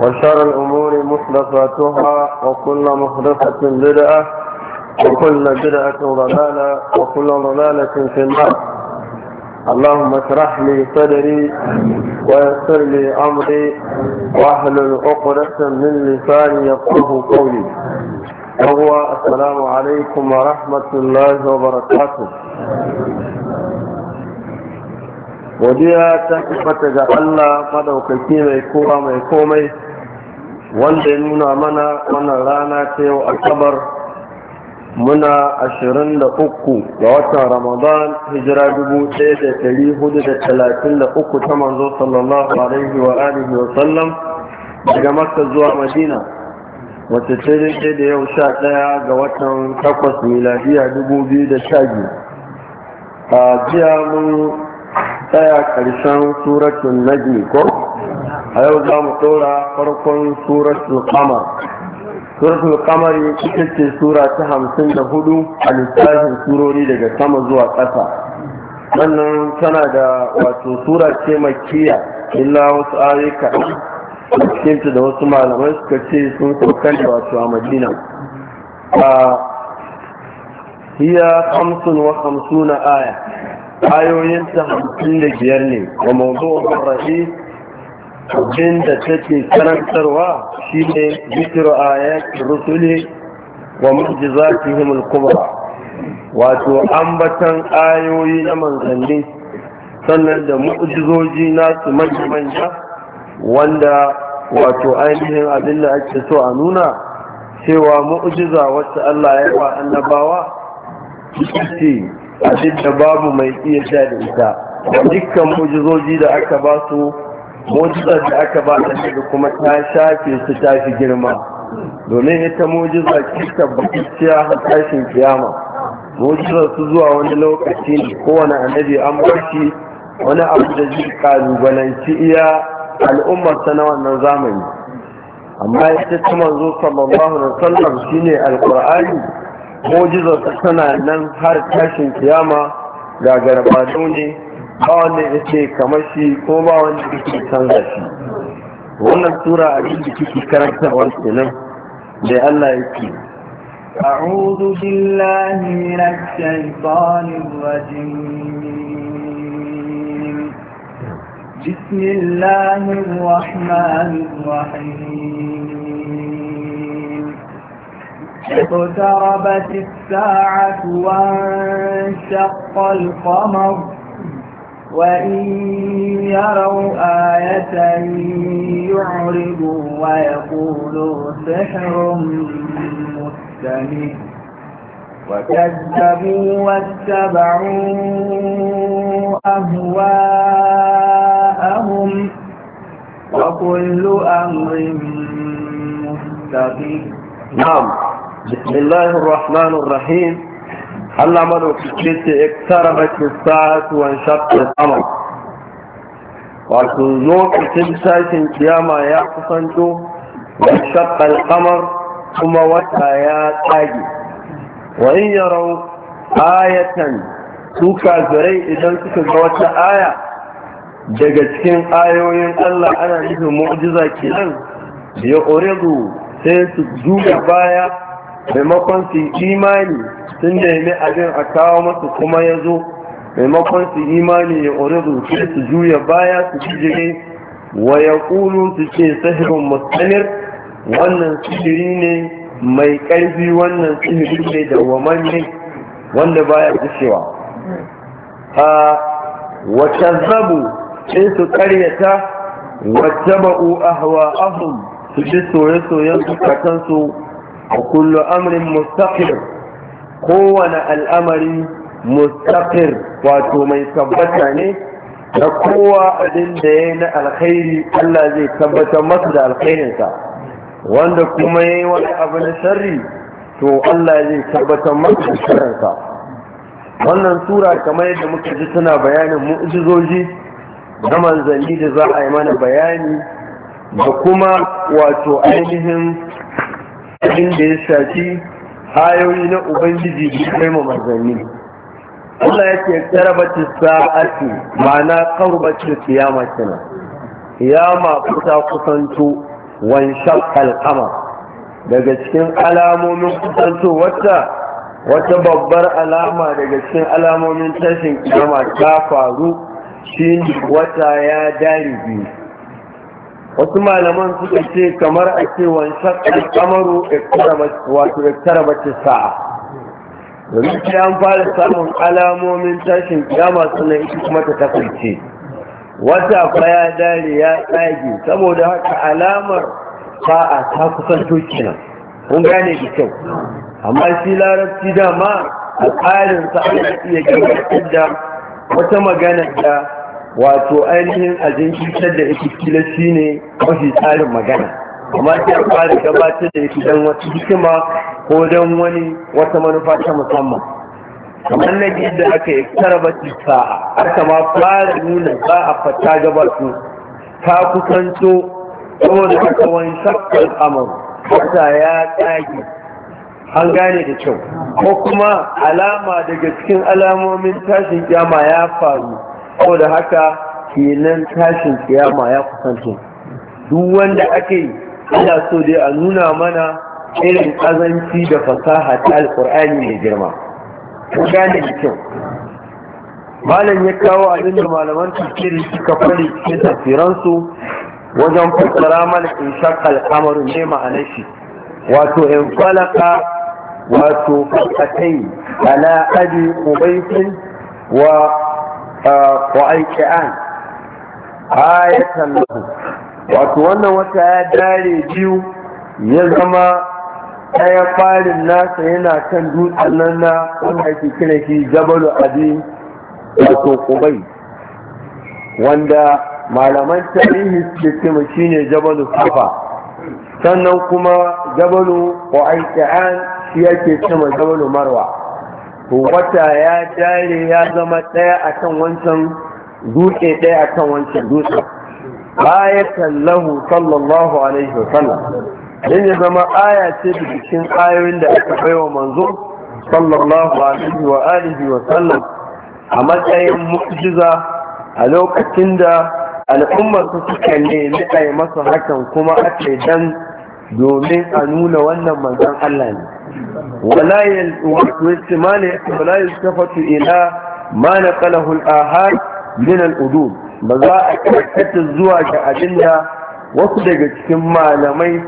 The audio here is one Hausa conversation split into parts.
وشر الأمور محدثاتها وكل محدثة بدعة وكل بدعة ضلالة وكل ضلالة في النار اللهم اشرح لي صدري ويسر لي أمري واحلل عقدة من لساني يفقه قولي وهو السلام عليكم ورحمة الله وبركاته godiya ta tabbata ga Allah madaukaki mai kowa mai komai wanda ya nuna mana wannan rana ta yau asabar muna ashirin da uku ga watan ramadan hijira dubu ɗaya da hudu da talatin da uku ta manzo sallallahu alaihi wa alihi wa sallam daga makka zuwa madina wacce ta daidai da yau sha ɗaya ga watan takwas miladiya dubu biyu da a jiya mun tsaya karshen suratun najmi ko a yau za mu ɗora farkon suratun kamar Suratun kamar ita ce sura ta hamsin da hudu a lissafin surori daga sama zuwa ƙasa wannan tana da wato sura ce makiya illa wasu ayoyi kaɗan cikinta da wasu malamai suka ce sun saukan da wato a madina hamsin wa hamsuna aya ayoyin ta da biyar ne wa mawdu'un rahi abin da take karantarwa shine a ayat rusuli wa mu'jizatihim al-kubra wato ambatan ayoyi na manzanni sannan da mu'jizoji nasu manya-manya wanda wato ainihin abin da ake so a nuna cewa mu'jiza wacce Allah ya ba annabawa ce abin da babu mai iya sha da ita dukkan mujizoji da aka ba su mujizar da aka ba ta da kuma ta shafe su ta fi girma domin ita mujiza kista bakiciya a tashin kiyama mujizar su zuwa wani lokaci ne kowane annabi an bar shi wani abu da zai kalubalanci iya al'ummarsa na wannan zamani amma ita ta manzo sallallahu alaihi wasallam shine alqur'ani mojizarsa tana nan har tashin kiyama ga garbado ne ba wanda ya ce kamar shi ko ba wanda ya ke canza shi wannan tura abin da kike karantarwa kenan da Allah yake أعوذ بالله من الشيطان الرجيم بسم الله الرحمن الرحيم اقتربت الساعة وانشق القمر وإن يروا آية يعرضوا ويقولوا سحر مستمر وكذبوا واتبعوا أهواءهم وكل أمر مستقيم نعم بسم الله الرحمن الرحيم الله ملو كتبت اقتربت الساعة وانشق القمر وتنزو كتب ساكن قياما يا قصنجو وانشق القمر ثم وتايا تاجي وإن يروا آية سوكا زري إذا سوكا وتا آية daga cikin ayoyin Allah ana nufin mu'jiza kenan ya ƙorezu sai su duba baya maimakon su imani sun nemi abin a kawo masu kuma ya zo maimakon su imani ya ori sai su juya baya su jirgin wa ya ƙulu su ce sahirin musamman wannan sihiri ne mai ƙarfi wannan sihiri ne da wamanne wanda baya gushewa a wata zabu sai su karyata wata ba'u ahwa ahun su bi soye-soyen katansu. kowane al'amari وكل أمر مستقر قوانا الأمر a واتو من ثبتني na أدن دين zai الذي ثبت da alkhairinsa, wanda kuma ya yi wani abu na sharri to Allah zai tabbatar a sharrinsa wannan tura kamar yadda muka ji tana bayanin mu'jizoji na manzanni da za a yi mana bayani da kuma wato ainihin abin da ya shafi hayoyi na ubangiji da kai mu manzanni Allah ya ce karbatin sa'ati ma'ana karbatin kiyama kenan kiyama kusa kusanto wan shaqqal qamar daga cikin alamomin kusanto wata wata babbar alama daga cikin alamomin tashin kiyama ta faru shi wata ya dari biyu wasu malaman suka ce kamar a ce wancan al'amaru wato tara mace sa'a domin sai an fara samun alamomin tashin kiyama suna ita kuma ta kasance wata baya dare ya tsage saboda haka alamar sa'a ta kusa kenan kun gane da kyau amma shi larabci dama a tsarin sa ta iya gabatar da wata magana da wato ainihin a jinkirtar da ita kila shi ne mafi tsarin magana amma sai fara gabatar da ita don wata hikima ko don wani wata manufa ta musamman kamar na da aka yi karbaci sa'a aka ma fara nuna za a fata gabatu ta kusanto saboda aka wani shakkar amur wata ya tsage an gane da kyau ko kuma alama daga cikin alamomin tashin kyama ya faru saboda haka kenan tashin siyama ya kusanto duk wanda ake yi ina so dai a nuna mana irin azanci da fasaha ta Alƙur'ani mai girma ko gane da kyau malam ya kawo abin da malaman tafsiri suka fari cikin tafsiransu wajen fassara mana in shakka al'amarin ne ma'anar shi wato in falaka wato fakatai ala abi qubaisin wa ƙwa'alƙi'an ayatan lahu wato wannan wata ya dare biyu ya zama ɗaya farin nasa yana kan dutsen nan na wanda ake kira shi jabalu abi wato kubai wanda malaman tarihi suke cewa shine jabalu safa sannan kuma jabalu an shi yake cewa jabalu marwa wata ya jare ya zama ɗaya akan wancan dutse ɗaya akan wancan dutse ayatan lahu sallallahu alaihi wa sallam din ya zama aya ce da cikin ayoyin da aka baiwa manzo sallallahu alaihi wa alihi wa sallam a matsayin mu'jiza a lokacin da al'ummar su suka nemi a masa hakan kuma yi dan domin a nuna wannan manzon Allah ne wala yaltafatu ila ma naqalahu al-ahad min al-udud ba za a karkata zuwa ga abinda wasu daga cikin malamai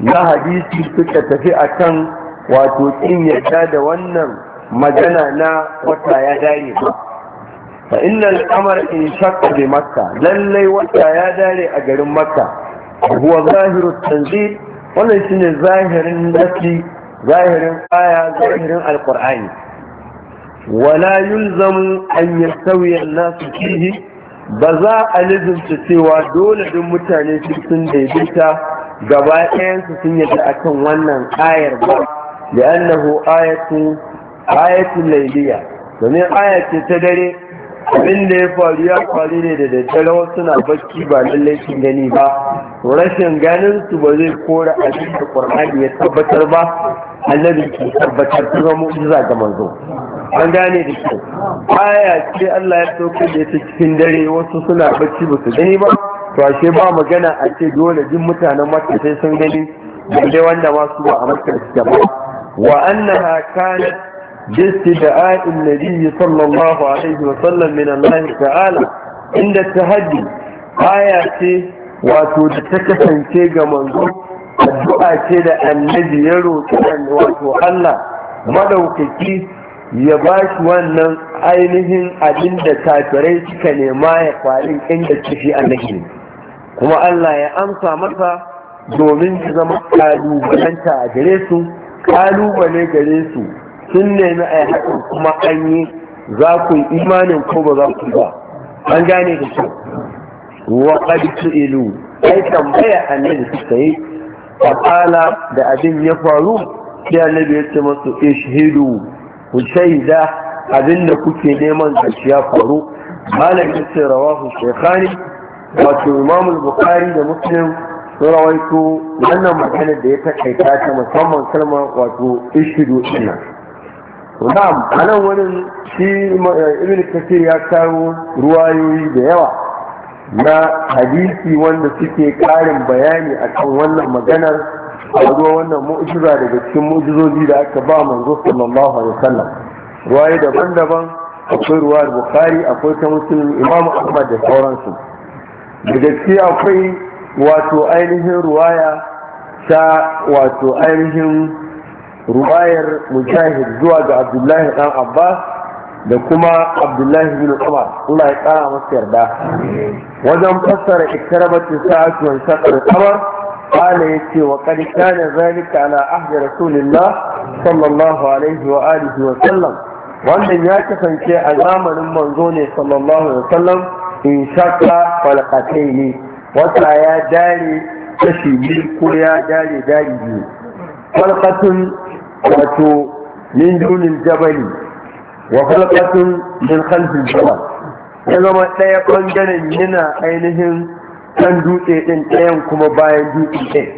na hadisi suka tafi akan wato kin da wannan magana na wata ya dare ba fa innal in shaqqa bi makka lallai wata ya dare a garin makka huwa zahiru tanzil wannan shine zahirin nasi zahirin aya zahirin alqur'ani wala yulzamu an yastawi nasu fihi ba za a lizinta cewa dole duk mutane sun daidaita gaba ɗayansu sun yadda akan wannan ayar ba da annahu ayatu ayatul layliya aya ce ta dare abin da ya faru ya faru ne da daddare wasu na bakki ba lallai sun gani ba rashin ganin su ba zai kora abin da qur'ani ya tabbatar ba annabi ke tabbatar ta zama mu'jiza ga manzo an gane da kyau aya ce Allah ya soke da ta cikin dare wasu suna bacci ba su gani ba to ashe ba magana a ce dole duk mutanen makka sai sun gani da wanda ma su ba a makka su ba wa annaha kanat باستدعاء النبي صلى الله عليه وسلم من الله تعالى عند التهدي آية wato da ta kasance ga manzo addu'a ce da annabi ya roƙi wato Allah madaukaki ya ba wannan ainihin abinda da kafirai suka nema ya faɗin inda kifi annabi kuma Allah ya amsa masa domin su zama kalubalanta a gare su kalubale gare su sun nemi a kuma an yi za ku yi imanin ko ba za ku ba an gane da shi. wa ƙarfi ilu ai tambaya annabi suka yi ƙala da abin ya faru sai annabi ya ce masu ishidu ku shaida abin da kuke neman shi ya faru malam ya ce rawahu shekhani wato imamul bukari da muslim sun rawaito wannan maganar da ya takaita ta musamman kalmar wato ishidu ina na'am a nan wani shi eh, ibn kasir ya kawo ruwayoyi da yawa na hadisi wanda suke karin bayani a kan wannan maganar a zuwa wannan mu'jiza daga cikin mu'jizozi da aka ba manzo sallallahu alaihi wasallam ruwaye daban-daban akwai ruwayar bukhari akwai ta muslim imam ahmad da sauransu da gaskiya akwai wato ainihin ruwaya ta wato ainihin rubayar mujahid zuwa ga abdullahi dan abbas da kuma abdullahi bin umar Allah ya kara masa yarda wajen fassara ikrabatu sa'atu wa saqar qamar qala yace wa qad kana zalika ala ahdi rasulillah sallallahu alaihi wa alihi wa sallam wannan ya kasance a zamanin manzo ne sallallahu alaihi wa sallam in shakka falqataini wata ya dare kashi biyu ko ya dare dare biyu falqatun wato min dunin jabali wa hulqatun min khalfil jabal ya zama ɗaya ɓangaren yana ainihin kan dutse ɗin ɗayan kuma bayan dutse ɗin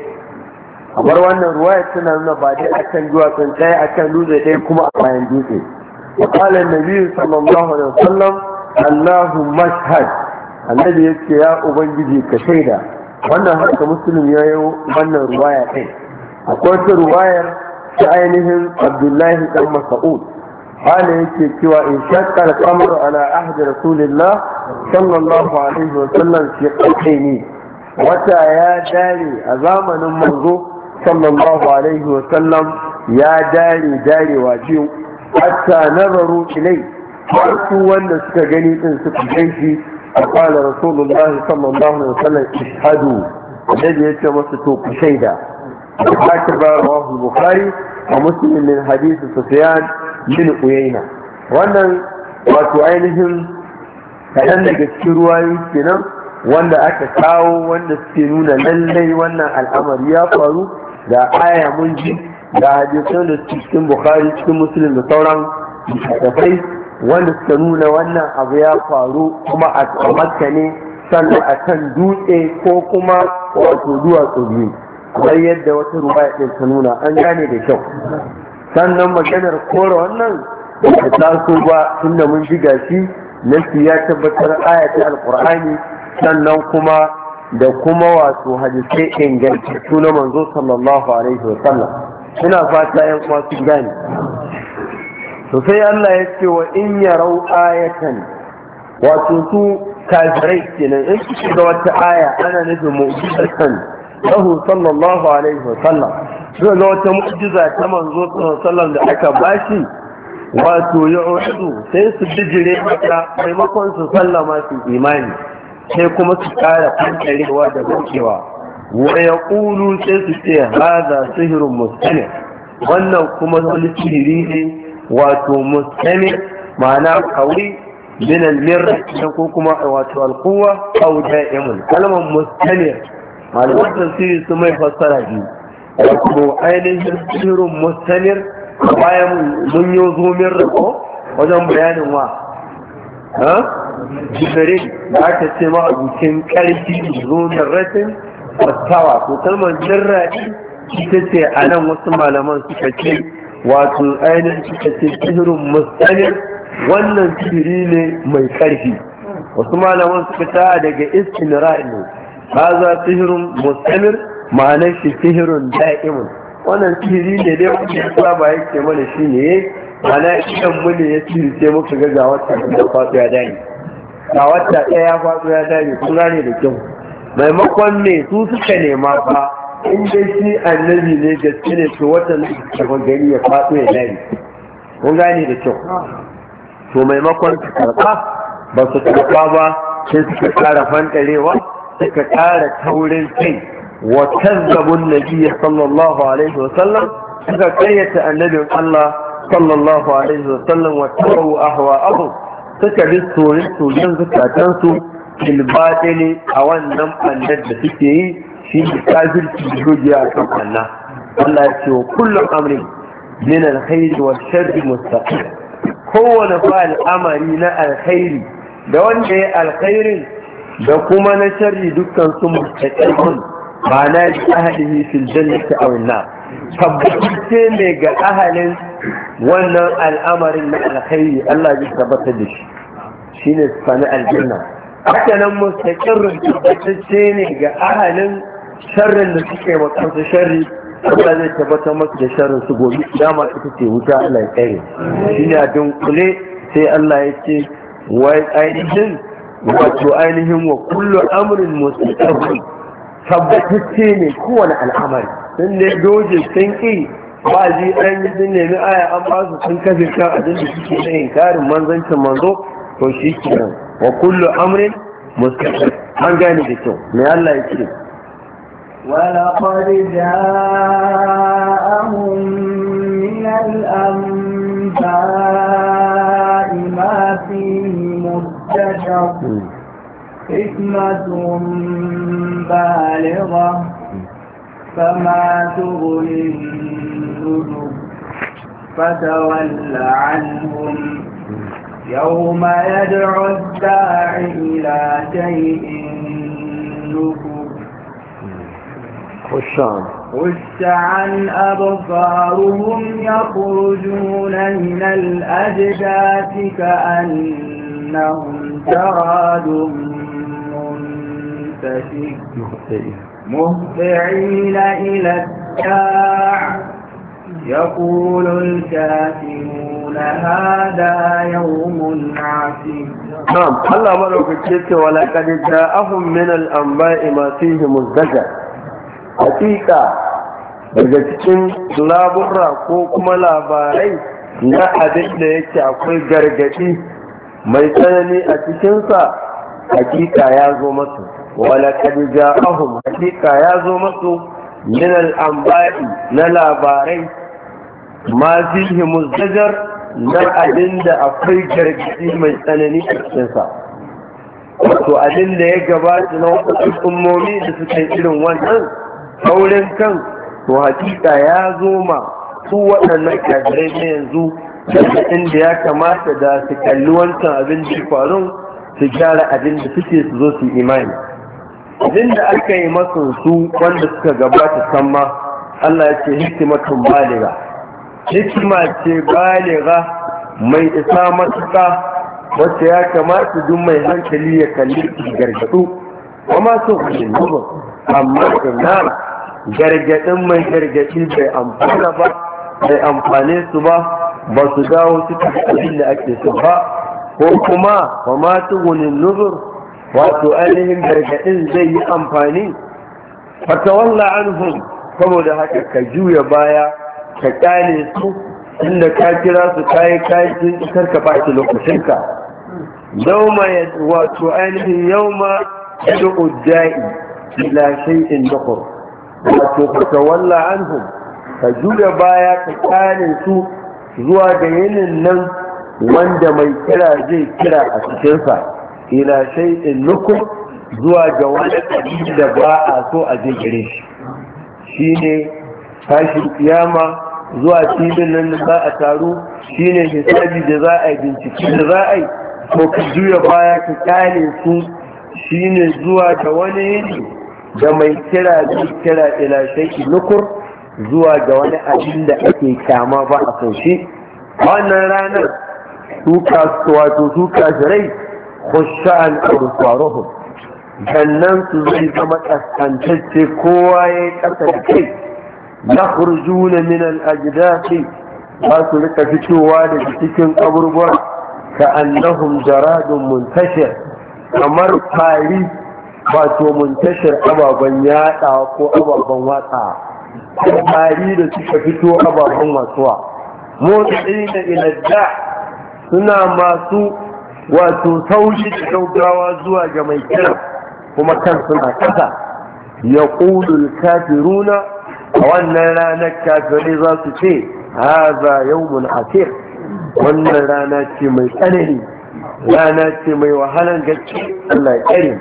kamar wannan ruwaya tana nuna ba dai akan duwatsun ɗaya akan dutse ɗaya kuma a bayan dutse وقال nabi sallallahu alaihi wasallam Allahu mashhad annabi yake ya ubangiji ka shaida. wannan haka musulun ya yi wannan ruwaya ɗin akwai wata ruwayar ta ainihin abdullahi dan mas'ud hana yake cewa in shakka al-qamar ala ahdi rasulillah sallallahu alaihi wa sallam fi qaini wata ya dare a zamanin manzo sallallahu alaihi wa sallam ya dare darewa biyu hatta nazaru ilai har su wanda suka gani din suka ganshi قال wa sallam صلى الله عليه وسلم اشهدوا الذي يتمسك shaida. haka رواه البخاري ومسلم من حديث سفيان بن عيينة wannan wato ainihin kaɗan daga cikin ruwayoyi kenan wanda aka kawo wanda suke nuna lallai wannan al'amari ya faru da aya mun ji da hadisan da suke cikin bukhari cikin muslim da sauran littattafai wanda suka nuna wannan abu ya faru kuma a makka sannan a kan dutse ko kuma wato duwatsu biyu kamar yadda wata ruwa ɗin ta nuna an gane da kyau sannan maganar kore wannan da taso ba inda mun ji gashi nasi ya tabbatar ayati alqur'ani sannan kuma da kuma wato hadisai ingantattu na manzo sallallahu alaihi wa sallam ina fata yan uwa su gane to sai Allah ya ce wa in yarau ayatan wato su kafirai kenan in su shiga wata aya ana nufin mu'jizatan lahu sallallahu alaihi wa sallam sai ga wata mu'jiza ta manzo sallallahu da aka bashi wato ya udu sai su bijire mata maimakon su sallama su imani sai kuma su kara kankarewa da gokewa wa ya yaqulu sai su ce hada sihrun mustamir wannan kuma wani sihiri ne wato mustamir ma'ana kauri min al ko kuma wato al-quwwa aw da'imun kalmar mustamir malaman tafsiri su mai fassara shi, wato ainihin shirin mustanir bayan mun yi zomin rako wajen bayanin wa jibirin da aka ce ma abokin ƙarfi zomin rashin fassawa to kalmar jirraɗi ita ce a nan wasu malaman suka ce wato ainihin suka ce shirin mustanir wannan shiri ne mai ƙarfi wasu malaman suka ta daga istinra'i ne haza sihirun mustamir ma'anar shi sihirun da'imun wannan sihiri ne dai wanda ya saba yake mana shi ne ana idan mu ne ya sai muka ga ga wata da fasu ya dani ga wata ɗaya ya fasu ya dani kun gane da kyau maimakon ne su suka nema ba in dai shi annabi ne gaske ne to wata na kafa gari ya fasu ya dani kun gane da kyau to maimakon su karɓa ba su karɓa ba sai suka ƙara fankarewa? suka ƙara taurin kai wa kazzabun nabiyya sallallahu alaihi wa sallam suka karyata annabin Allah sallallahu alaihi wa sallam wa tabu ahwa'ahum suka bi soyin soyin zakatan su fil batili a wannan bandar da suke yi shi ne kafirci da gojiya a kan Allah Allah ya ce wa kullum amrin min alkhairi wa sharri mustaqim kowane fa al'amari na alkhairi da wanda ya alkhairin da kuma na sharri dukkan su mutaqin ba na ji ahadihi fil jannati aw nar tabbatacce ne ga ahalin wannan al'amarin na alkhairi Allah ya tabbata da shi shine sani aljanna haka nan mustaqirrin tabbatacce ne ga ahalin sharrin da suke wa kansu sharri Allah zai tabbata masu da sharrin su gobe dama ita ce wuta Allah ya kare shi ne a dunkule sai Allah ya ce wai ainihin wato ainihin wa kullu amrin mustaqim tabbatacce ne kowane al'amari sun ne doje sun ki ba ji an yi sun nemi aya an ba su sun kafin kan abin da suke na inkarin manzancin manzo to shi kenan wa kullu amrin mustaqim an gane da kyau me Allah ya ce ولقد جاءهم من الأنباء بشر حكمة بالغة فما تغني النجوم فتول عنهم يوم يدعو الداعي إلى شيء نكر خش عن أبصارهم يخرجون من الأجداث كأن كأنهم جراد منتشر مهطعين إلى الساع يقول الكافرون هذا يوم عسير نعم الله في الشرك ولقد جاءهم من الأنباء ما فيه مزدجر حقيقة daga cikin laburra ko kuma labarai na abin da yake akwai gargaɗi mai tsanani a cikinsa hakika ya zo masu wala kadija ahum hakika ya zo masu min al'amba'i na labarai ma yi muzdajar na abin da akwai gargaɗi mai tsanani a cikinsa wato abin da ya gabata na wasu al'ummomi da suka yi irin wannan saurin kan to hakika ya zo ma su waɗannan kafirai na yanzu shaɗin da ya kamata da su kalli wancan abin da faru su gyara abin da suke su zo su imani abin da aka yi masu su wanda suka gabata san ma Allah ya ce hikimatun baliga hikima ce baliga mai isa matuƙa wacce ya kamata duk mai hankali ya kalli su gargaɗu kuma sun hajjin amma ina gargaɗin mai gargaɗi bai amfana ba bai amfane su ba ba su dawo suka abin da ake so ba ko kuma wa ma tugunin nuzur wato ainihin gargaɗin zai yi amfani an hun saboda haka ka juya baya ka kyale su inda ka kira su kayi kayi sun isar ka ba su lokacinka yauma wato ainihin yauma yadda ujja'i ila shay'in nukur wato an hun? ka juya baya ka kare su zuwa da yinin nan wanda mai kira zai kira a cikinsa ila in nukum zuwa ga wani ɗari da ba a so a je gare shi shine tashin kiyama zuwa filin nan da za a taru shine hisabi da za a yi bincike da za a yi ko ka juya baya ka kyale su shine zuwa da wani yini da mai kira zai kira ila in nukum zuwa ga wani abin da ake kyama ba a saushe. shi wannan ranar su wato rai, kafirai khushan absaruhum sannan su zai zama kaskantacce kowa ya kasa da kai yakhrujuna min al-ajdathi ba su rika fitowa daga cikin kaburbuwa ka annahum jaradun muntashir kamar fari wato muntashir ababen yaɗa ko ababen watsa samari da suka fito ababen wasuwa motsi da iladda suna masu wato taushi da gaugawa zuwa ga mai kira kuma kan suna kasa ya kafin kafiruna a wannan ranar kafirai za su ce haza mun asir wannan rana ce mai tsanani rana ce mai wahalan gaske Allah ya kare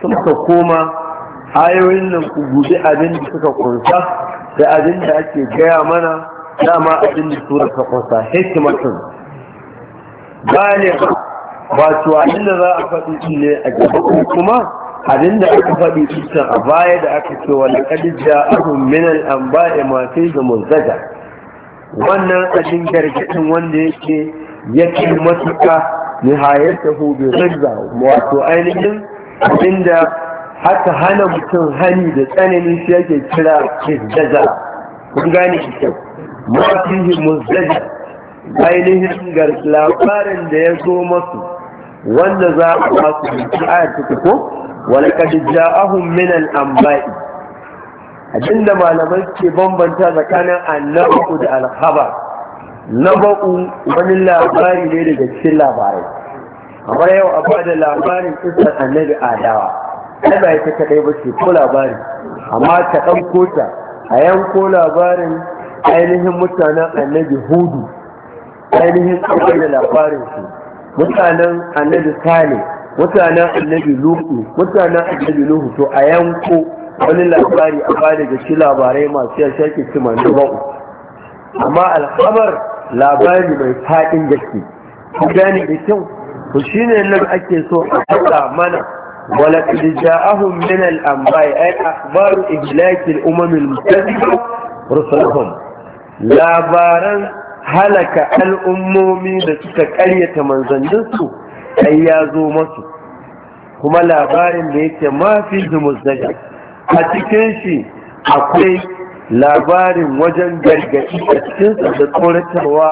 sun ka koma ayoyin nan ku guji abin da suka kunsa da abin da ake gaya mana dama abin da sura ta kunsa hikimatun gane wato abin da za a faɗi ne a gaba kuma abin da aka faɗi cikin a baya da aka ce wani ƙadija ahun minan an masu da muzzaga wannan abin gargaɗin wanda yake ya matuka matuƙa nihayar ta hobe rigza wato ainihin abin da haka hana mutum hani da tsanani shi yake kira izzaza kun gane shi kyau mafihi muzzaza ainihin ga labarin da ya zo masu wanda za a basu biki a ta ko wani kadija ahun minan amba'i abinda malamai ke bambanta tsakanin annabu da alhaba na ba'u wani labari ne daga cikin labarai kamar yau a bada labarin kusan annabi adawa ai ba ita kadai ba ce ko labari amma ta ɗauko ta a yanko labarin ainihin mutanen annabi hudu ainihin ɗaukar da labarin su mutanen annabi sale mutanen annabi luku mutanen annabi luhu to a yanko wani labari a ba da shi labarai masu ya shake ma manu ba'u amma alhabar labari mai faɗin gaske ku gane da kyau to ne nan ake so a faɗa mana ولقد جاءهم من الأنباء أي أخبار إهلاك الأمم المكذبة رسلهم labaran halaka al'ummomi da suka karyata manzanninsu ai ya zo masu kuma labarin da yake mafi zumuzaga a cikin shi akwai labarin wajen gargaɗi a cikinsa da tsoratarwa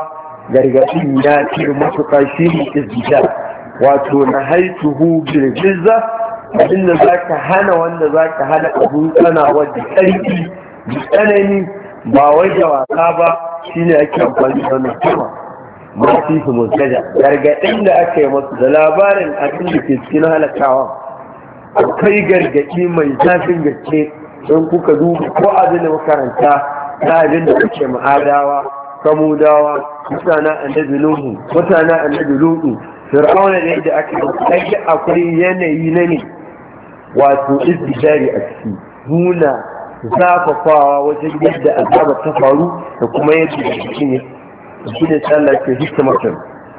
gargaɗin ya ce matuƙa shi ne izgida wato na hu girgiza abinda za ka hana wanda za ka hana abin tsanawa da ƙarfi da tsanani ba wai da wasa ba shine ake amfani da wannan kuma ma fi su musgaja gargaɗin da aka yi masu da labarin abin da ke cikin halakawa akwai gargaɗi mai zafin gaske don kuka duba ko abin da makaranta na abin da kuke ma'adawa kamudawa mutanen annabi nuhu mutanen annabi lutu fir'auna ne da aka yi akwai yanayi na ne wato izbijari a ciki nuna zafafawa wajen yadda azaba ta faru da kuma yadda da ciki ne shi ne sallah ke hikimatin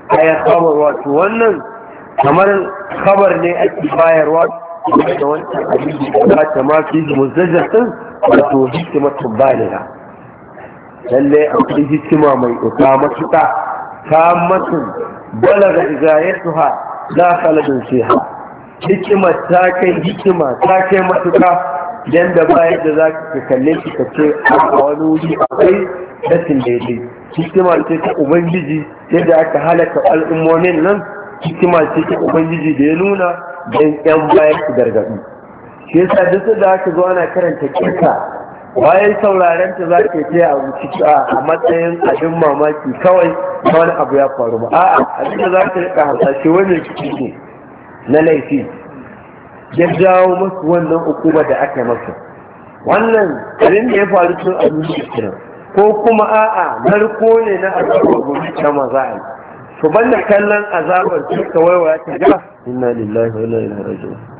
kayan khabar wato wannan kamar khabar ne ake bayarwa da wancan abin da za ta ma fi muzajjatin wato hikimatin balira lallai akwai hikima mai uka matuƙa ta matun balaga izayatuha la khaladun fiha hikima ta kai hikima ta kai matuka da ba da za ka kalle shi ka ce a wani wuri akwai datin daidai hikima ce ta ubangiji yadda aka halaka al'ummomin nan hikima ce ta ubangiji da ya nuna don yan bayan su gargaɗi shi yasa duk da aka zo ana karanta kirka. bayan sauraren ta za ke ce a ciki a matsayin abin mamaki kawai na wani abu ya faru ba a'a abin da za ka rika hasashe wani ciki ne na laifi ya jawo masu wannan hukuma da aka yi masa wannan abin da ya faru tun a duniya ko kuma a'a narko ne na azabar gobe ta maza a yi to banda kallon azabar cikin waiwaya ta ga inna lillahi wa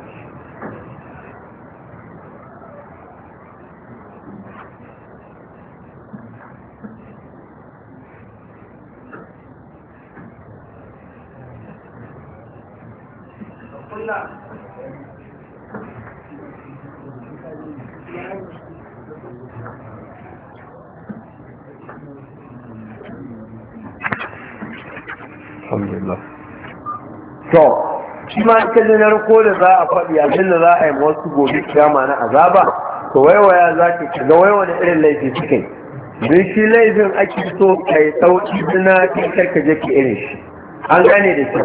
to shi ma ka ji na riko da za a faɗi abin da za a yi wasu gobe kiyama na azaba to waiwaya za ki ga waiwani irin laifi suke don shi laifin ake so ka yi sauki suna kai ka je ki irin shi an gane da shi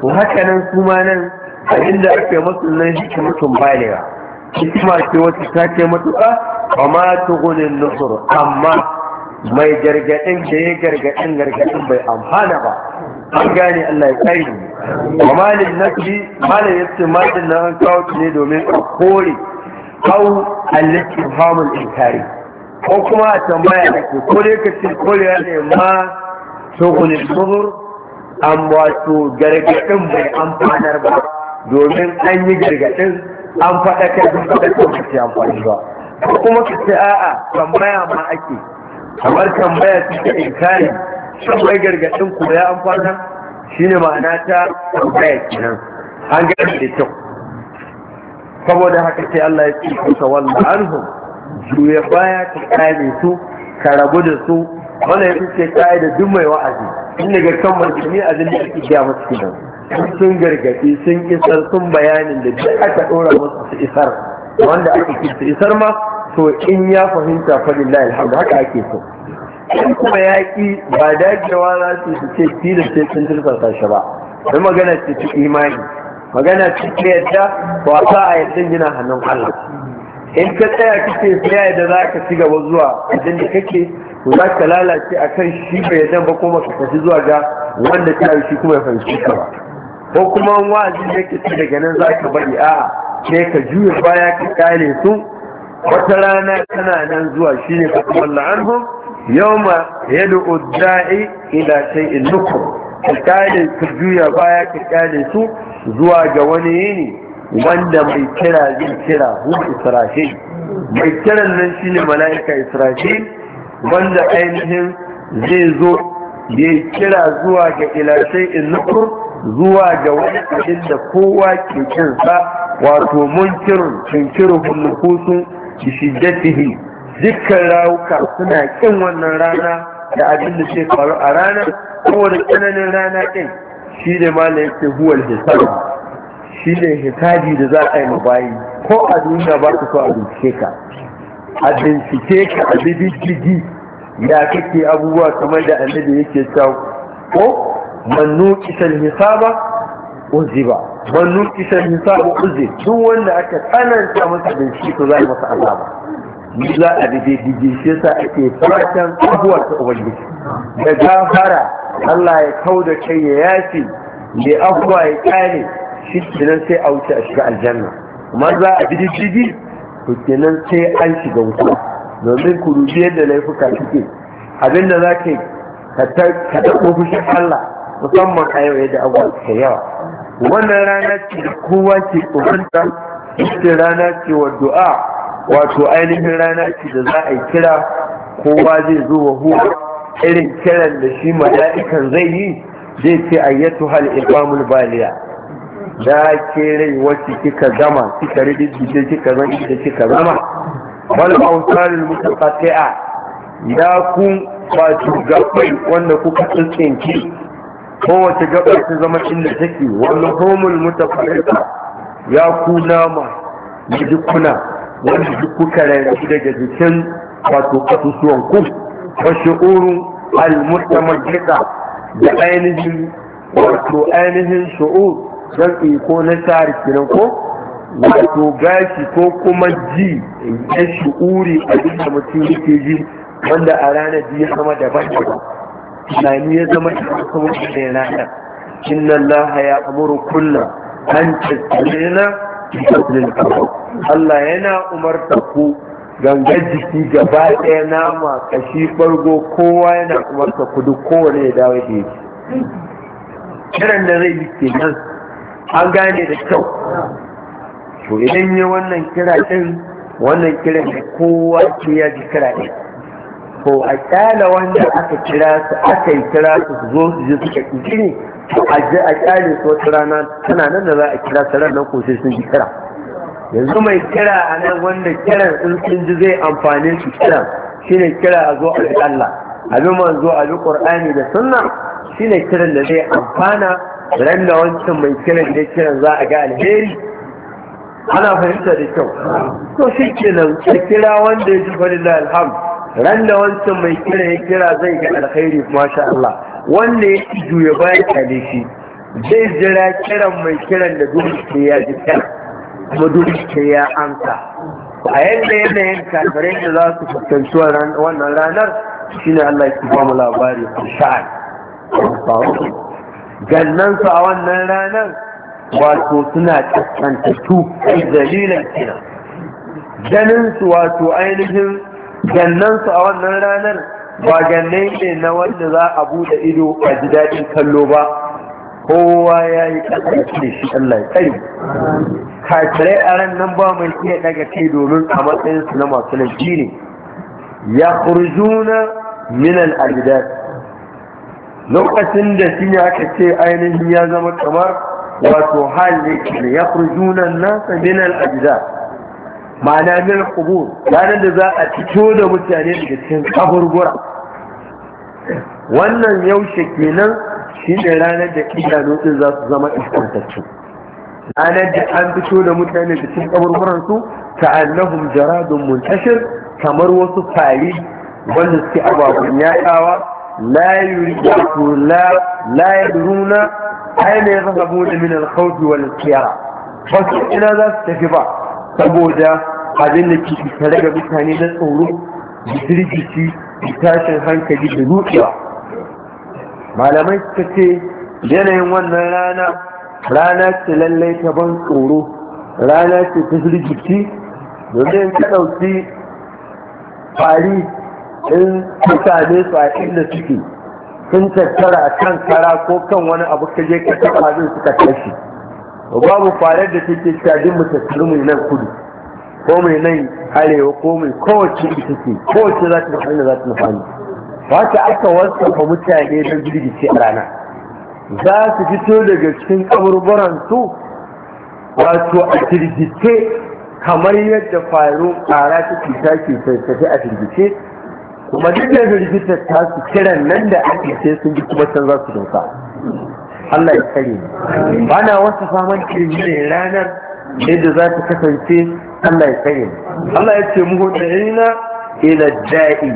to haka nan su ma nan abin da ake masu nan shi ke mutum balewa hikima ce wacce ta ce matuƙa amma tugunin amma mai gargadin da ya gargadin gargadin bai amfana ba an gane Allah ya kai ne. wa malin nasbi malin yace malin nan kawo ne domin a kore kawo al-istifhamul inkari ko kuma a tambaya da ke kore ka ce kore ya ne ma shogunin zuhur an wato gargadin bai amfanar ba domin an yi gargaɗin, an faɗa kai sun faɗa kai ba amfani ba ko kuma ka ce a'a tambaya ma ake kamar tambaya ce in inkari shin mai gargadin kuma ya amfana shine ma'ana ta tambaya kenan an gani da kyau saboda haka sai Allah ya ce kusa wallah anhum juya baya ka kame su ka rabu da su wanda ya ce kai da duk mai wa'azi in daga kan musulmi a da ake gaya musu kinan sun gargadi sun kisar sun bayanin da duk aka dora musu su isar wanda ake kinsa isar ma to in ya fahimta fadin lillahi alhamdu haka ake so in kuma yaƙi ba dajewa za su su ce filin sai sun tursasa sashe ba don magana ce ta imani magana ce ce yadda ba sa a yadda yana hannun Allah in ka tsaya kake tsaya da za ka ci gaba zuwa idan da kake ko za ka lalace a kan shi ba yadda ba kuma ka tafi zuwa ga wanda ta yi shi kuma ya fahimci ka ba ko kuma wa'azi da ke daga nan za ka bari a'a sai ka juya baya ka kare su wata rana tana nan zuwa shi ne ka Yau ma yawma yad'u da'i ila in nukum ka kare ka juya baya ka kare su zuwa ga wani yini wanda mai kira zai kira hu israfil mai kiran nan shi ne mala'ika israfil wanda ainihin zai zo ya kira zuwa ga ilashai in nukur zuwa ga wani abin da kowa ke kinsa wato munkir tunkiruhun hulukusu bi shiddatihi dukkan rawuka suna kin wannan rana da abin da ke faru a rana kowane tsananin rana din shi ne ke yake huwal hisabi shi ne hisabi da za a yi mabayi ko a duniya ba ku so a bincike ka a bincike ka a bibi ya kake abubuwa kamar da annabi yake cewa ko man nuqisa hisaba ba bannu isa hisabu uzi duk wanda aka tsananta masa bincike za a masa azaba ni za a bi daidai shi sa ake fatan abuwar ta ubangiji da gafara Allah ya kau da kai ya yafi da abuwa ya kare shi kenan sai a wuce a shiga aljanna amma za a bi to kenan sai an shiga wuta domin ku rubi yadda laifuka suke abinda za ka yi ka taɓo fushin Allah musamman a yau yadda abuwa suka yawa wannan rana ce da kowa ke tsofinta ita rana ce wa du'a wato ainihin rana ce da za a yi kira kowa zai zo wa huwa irin kiran da shi mala'ikan zai yi zai ce ayyatu hal ibamul baliya da ke rai wacce kika zama kika da kika zama inda kika zama wal awsalul mutaqati'a ya ku wato gabai wanda kuka tsinke kowace gaba ta zama inda take wani homul mutafarika ya ku nama da jikuna wanda duk kuka rarrabu daga jikin wato kasusuwan ku wa shi'urun al-mutamarrita da ainihin wato ainihin shi'ur don ko na tari kinan ko wato gashi ko kuma ji ya shi'uri a duk da mutum yake ji wanda a ranar biyu sama daban-daban tunani ya zama saboda na yana inna Allah ya amuru kullum an tattalina tattalin kawo Allah yana umarta ku ganga jiki gaba ɗaya nama kashi ɓargo kowa yana umarta ku duk kowane ya dawo da yake kiran da zai yi kenan an gane da kyau to idan yi wannan kira ɗin wannan kiran da kowa ke ya ji kira ɗin ko a kyala wanda aka kira su aka yi kira su su zo su je suka kikini a je a kyale su wata rana tana nan da za a kira su ranar ko sai sun ji kira yanzu mai kira a nan wanda kiran sun sun ji zai amfani su kiran shine kira a zo a bi Allah a man zo a bi Qur'ani da sunna shine kiran da zai amfana ran da wancan mai kiran da kiran za a ga alheri ana fahimta da kyau to shi kenan kira wanda ya ji farin alhamdu ran da wancan mai kira ya kira zai ga alkhairi masha Allah wanda ya juya bayan kale shi zai jira kiran mai kiran da dubi duk ya ji kuma dubi duk ya amsa a yadda yanayin kafirai da za su fuskanci wannan ranar shine Allah ya ba mu labari sha'an gannan su a wannan ranar wato suna kaskantattu dalilan kina ganin su wato ainihin gannansu a wannan ranar ba gannai ne na wanda za a buɗe ido a ji daɗin kallo ba kowa ya yi ƙasa shi Allah ya tsari kafirai a ran nan ba mai iya daga kai domin a matsayinsu na masu laifi ne ya kurjuna minan al'adad lokacin da shi ne aka ce ainihin ya zama kamar wato hali ne ya kurjuna nasa minan al'adad ma'ana min kubur ranar da za a fito da mutane daga cikin kaburbura wannan yaushe kenan shi ne ranar da idanu din za su zama iskantattu ranar da an fito da mutane da cikin kaburburan su ta'annahum jaradun muntashir kamar wasu fari wanda suke ababun yaƙawa la yuridu la la yadruna aina yazhabuna min al-khawf wal khiyara ina za su tafi ba saboda abin da ke tare raga mutane na tsoro da firgici da tashin hankali da ruɗewa malamai suka ce yanayin wannan rana rana ce lallai ta ban tsoro rana ce ta jirgiti domin ta ɗauki fari in mutane su a inda suke sun tattara a kan kara ko kan wani abu ka je ka taɓa zai suka tashi babu farar da take cewa duk mu nan kudu ko mai nan arewa ko mai kowace ita ce kowace za ta nufa za ta nufa ba ta aka wasafa mutane don jirgice a rana za su fito daga cikin kaburburan su wato a jirgice kamar yadda faru kara ta cuta ke tafi a jirgice kuma duk da jirgitar ta su kiran nan da ake sai sun ji kuma can za su doka Allah ya kare ni ba na wasu faman kirmi ranar yadda za ta kasance Allah ya kare ni Allah ya ce muhu da ina ila da'i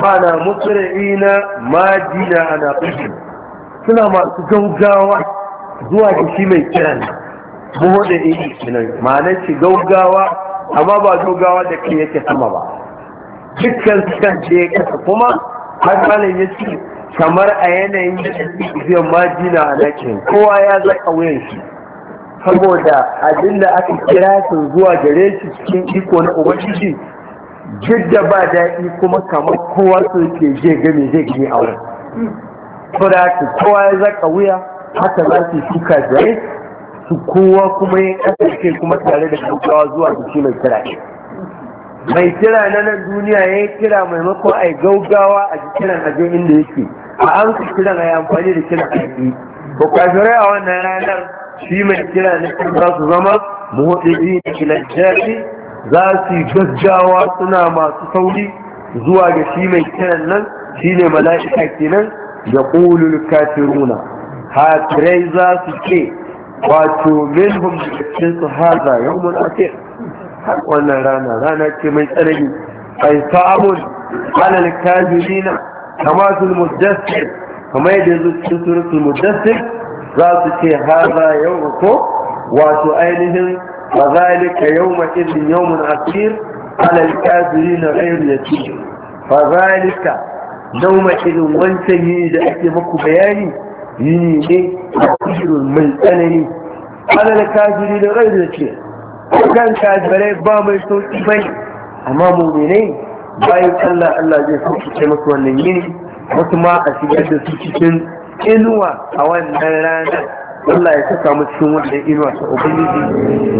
mana mutsira'ina madina ana kusur suna masu gaugawa zuwa da shi mai kiran muhu da ina ma'ana shi gaugawa amma ba gaugawa da ke yake sama ba dukkan su kan da ya kasa kuma har ya ce kamar a yanayin biyan majina a nakin kowa ya zaka wuyan shi saboda abin da aka kira su zuwa gare shi cikin iko na ubangiji duk da ba daɗi kuma kamar kowa su ke je gami zai gani a wurin kowa ya zaka wuya haka za su shuka zai su kowa kuma ya kasance kuma tare da gaggawa zuwa jiki mai kira mai kira na nan duniya ya yi kira maimakon a gaugawa a kiran ajo inda yake a an ku kiran a yi amfani da kiran a yi ba a wannan ranar shi mai kira na kan za su zama muhuɗi da ilajjafi za su yi gaggawa suna masu sauri zuwa ga shi mai kira nan shi ne mala'ika kenan da "Kulul kafiruna hakirai za su ce wato minhum da cikin su haza mun akhir har wannan rana rana ce mai tsanani ai abun alal kajirina, kama sul mudassir kama yadda yanzu cikin suratul mudassir za su ce haza yau ko wato ainihin wa zalika yawma idin yawmun asir alal kafirina ghayr yasir fa zalika yawma idin wancan yini da ake muku bayani yi ne a mai tsanani alal kafirina ya ce. kan kajibarai ba mai sauki ba ne amma mummune bayan allah allah zai sauƙi masu wannan yini wasu ma a shigar da su cikin inuwa a wannan ranar Allah ya saka mu cikin wannan inuwa ta ubangiji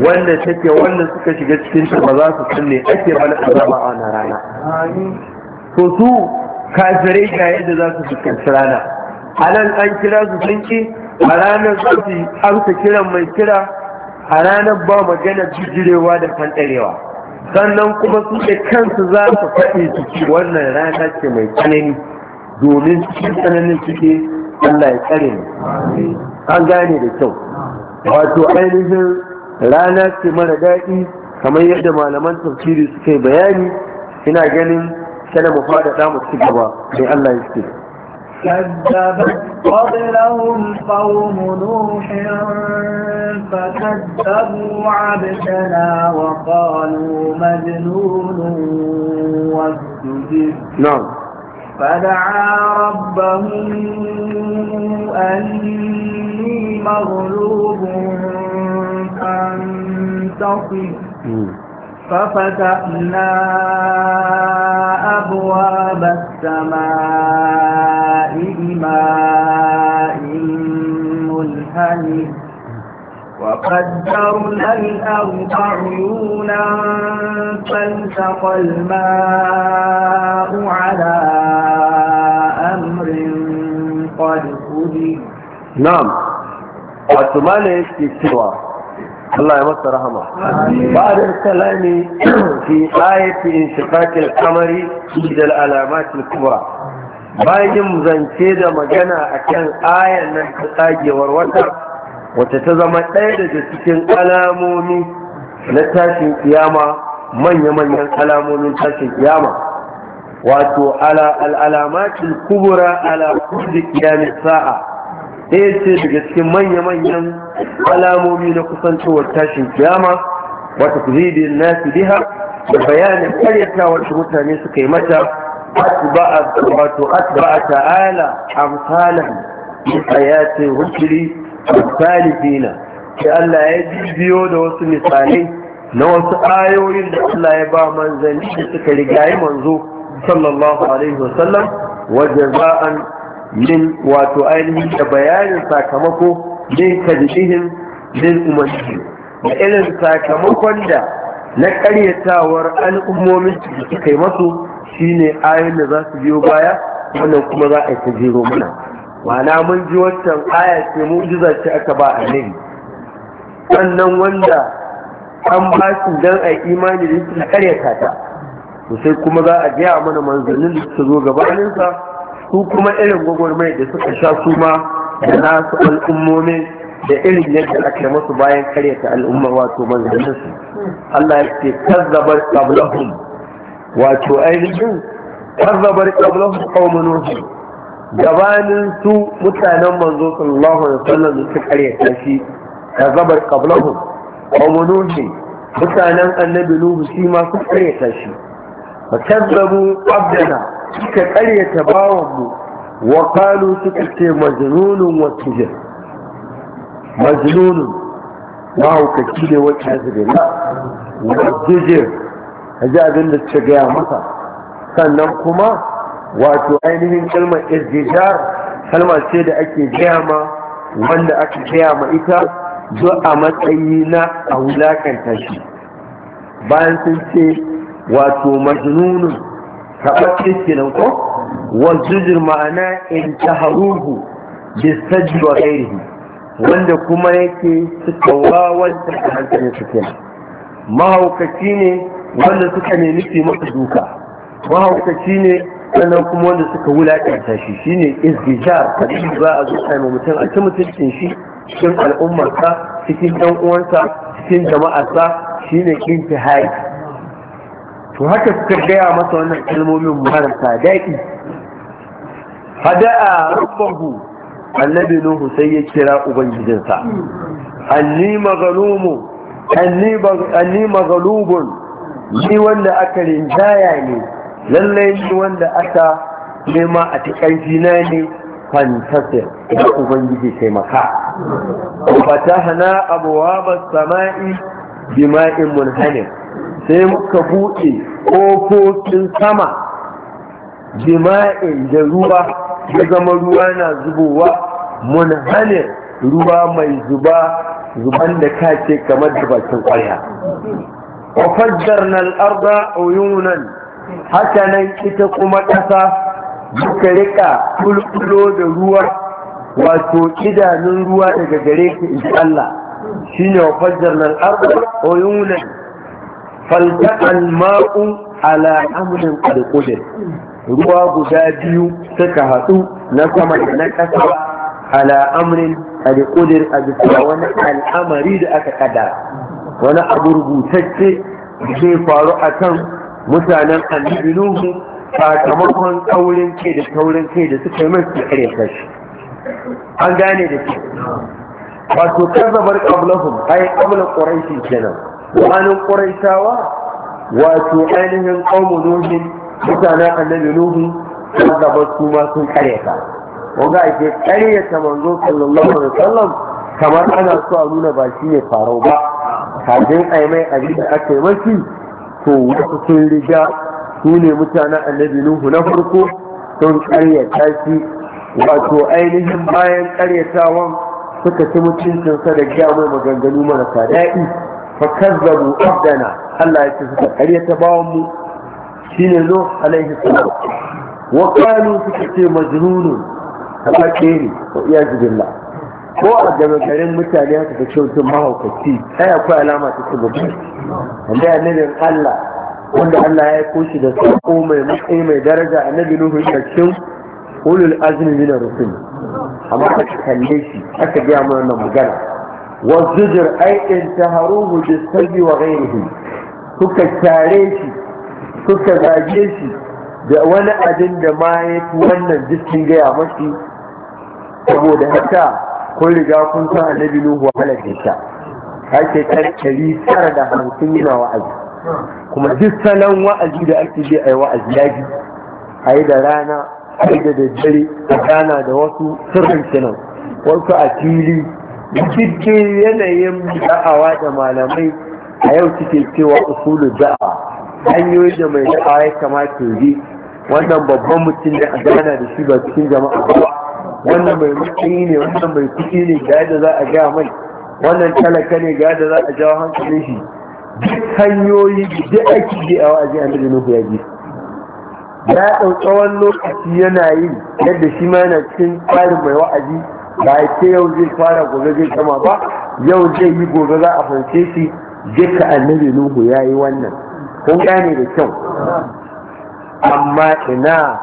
wanda take wanda suka shiga cikin ta ba za su san ne ake bala azaba a wannan rana to su kafirai ga yadda za su fuskanci rana a nan an kira su sun ki a ranar su amsa kiran mai kira a ranar ba magana bijirewa da fantarewa sannan kuma su da kansu za su faɗi su ci wannan rana ce mai tsanani domin cikin tsananin suke Allah ya tsare ne an gane da kyau wato ainihin rana ce mara daɗi kamar yadda malaman tafsiri suka yi bayani ina ganin kada mu faɗaɗa mu ci gaba mai Allah ya tsare كذبت قبلهم قوم نوح فكذبوا عبدنا وقالوا مجنون واستجب نعم فدعا ربه أني مغلوب فانتصر ففتحنا أبواب السماء بماء منهمر وقدرنا الأرض عيونا فالتقى الماء على أمر قد قدر نعم في استثوار Allah ya masa rahama ba'd al-kalami fi ayati inshiqaq al da fi al kubra bayan yin zance da magana a akan ayan nan ta tsagewar wata wata ta zama ɗaya daga cikin alamomi na tashin kiyama manya-manyan alamomin tashin kiyama wato ala al'alamatin kubura ala kulli kiyamin sa'a ya ce daga cikin manya-manyan alamomi na kusantowar tashin kiyama wata kuzibin nasi biha da bayanin karyatawar da mutane suka yi mata wato atba'a ta'ala amsalan ayatin rusuli salifina sai Allah ya bibiyo da wasu misalai na wasu ayoyin da Allah ya ba manzanni da suka rigayi manzo sallallahu alaihi wasallam wa jaza'an min wato ainihin da bayanin sakamako min kadihim min umarci da irin sakamakon da na karyatawar al'ummomin da suka yi masu shine ayoyin da za su biyo baya wannan kuma za a yi ta mana ma'ana mun ji wancan aya ce mu'jiza ce aka ba annabi sannan wanda an ba shi dan a imani da su karyata ta sai kuma za a biya mana manzannin da suka zo gabaninsa su kuma irin gwagwarmai da suka sha su da nasu al'ummomin da irin yadda aka masu bayan karyata al'ummar wato manzanninsu Allah ya ce kazzabar qablahum wato ainihin kazzabar qablahum qaumun nuh gabanin su mutanen manzo sallallahu alaihi wasallam su karyata shi kazzabar qablahum qaumun nuh mutanen annabi nuhu shi ma su karyata shi fa kazzabu abdana suka ƙaryata bawanmu wa kalu suka ce majnunun wasu jir majnunun mahaukaci ne wata azubila wasu jir a ji abin da suka gaya masa sannan kuma wato ainihin kalmar izdijar kalmar ce da ake gaya ma wanda aka gaya ma ita zo a matsayi na a wulakanta shi bayan sun ce wato majnunun taɓaƙe kenan ko wajujir ma'ana in ta haruhu, bi sajdi wa ghairihi wanda kuma yake suka wawanta da hankalin su kenan mahaukaci ne wanda suka nemi su masa duka mahaukaci ne sannan kuma wanda suka wulaƙanta shi shine izdijar kaɗi ba a zuwa ma mutum a ci mutuncin shi cikin al'ummarsa cikin ɗan uwansa cikin jama'arsa shine intihai to haka suka gaya masa wannan kalmomin marasa daɗi fada'a rabbahu annabi nuhu sai ya kira ubangijinsa anni maghalumu anni maghalubun ni wanda aka rinjaya ne lallai ni wanda aka nema a cikin na ne fantasir da ubangiji taimaka fatahna abwaabas sama'i bima'in munhanim sai muka buɗe ƙofofin sama jima'in da ruwa ya zama ruwa na zubowa mun hane ruwa mai zuba zuban da kace kamar da bakin ƙwarya wa fajjarna al-arda uyunan haka nan ita kuma ƙasa muka rika kulkulo da ruwa wato idanun ruwa daga gare ka insha Allah shine wa fajjarna al-arda uyunan falta alma'u ala amrin alƙudir ruwa guda biyu suka hatsu, na sama da na ƙasa ala amrin alƙudir a bisa wani al'amari da aka ƙadara wani abu rubutacce zai faru a kan mutanen annabi nuhu sakamakon taurin kai da taurin kai da suka yi mai su ƙarya an gane da wato kenan wa'anin ƙuraitawa wato ainihin ƙaumu nuhin mutanen annabi nuhu wanda ba su ma sun ƙaryata wanda ake ƙaryata manzo sallallahu alaihi wasallam kamar ana so a nuna ba shi ne farau ba kafin a yi mai abin da aka yi mashi to wasu sun riga su ne mutanen annabi nuhu na farko sun ƙaryata shi wato ainihin bayan ƙaryatawan suka ci mutuncinsa da gyamai maganganu marasa daɗi mu abdana Allah ya ce suka karya ta bawan mu shine no alaihi salam wa suka ce majnun kaba kere wa iya jibillah ko a gaba garin mutane haka ta ce mutum mahaukaci ai akwai alama ta ce babu wanda ya nabin Allah wanda Allah ya koshi da sako mai matsayi mai daraja annabi nuhu ya cikin ulul azmi min rusul amma aka kalle shi aka gaya mana magana والزجر أي انتهروه بالسلب وغيره suka tare shi suka zage shi da wani abin da ma ya fi wannan jikin gaya mashi saboda haka kun riga kun san annabi nuhu wahala da ta ake karkari da hamsin yana wa'azi kuma duk salon wa'azi da ake je a yi wa'azi ya a yi da rana a da daddare a gana da wasu sirrin kenan wasu a fili cikin yanayin da'awa da malamai a yau suke cewa usulun da'awa hanyoyi da mai da'awa ya kamata yi wannan babban mutum da a gana da shi ba cikin jama'a ba wannan mai mutum ne wannan mai kuɗi ne ga yadda za a gaya mai wannan talaka ne ga yadda za a jawo hankalin shi duk hanyoyi da ake bi a wa'azi a nuna nuhu ya ji ya ɗau tsawon lokaci yana yi yadda shi ma yana cikin tsarin mai wa'azi ba ya ce yau zai fara gobe zai kama ba yau zai yi gobe za a fance shi duka annabi nuhu ya yi wannan kun gane da kyau amma ina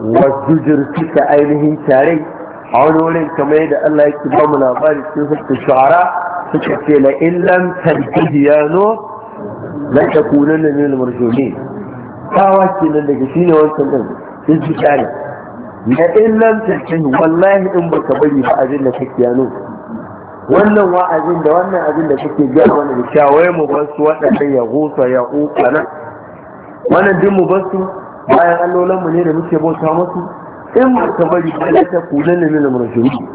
wasu jirkita ainihin tare a wani wurin kamar yadda Allah yake ba mu labari cikin sukta shara suka ce la illam tantahi ya no la takunanna min al-marjumin tawa kenan daga shine wancan din sun ji kare na nan tafi wallahi in baka bari ba abin da kake yano wannan wa'azin da wannan abin da kake ga wannan da shawai mu ba su waɗanda ya gusa ya ukana wannan din mu ba su bayan allolan mu ne da muke bauta musu in baka bari ba ne ta kunan ne min murshidi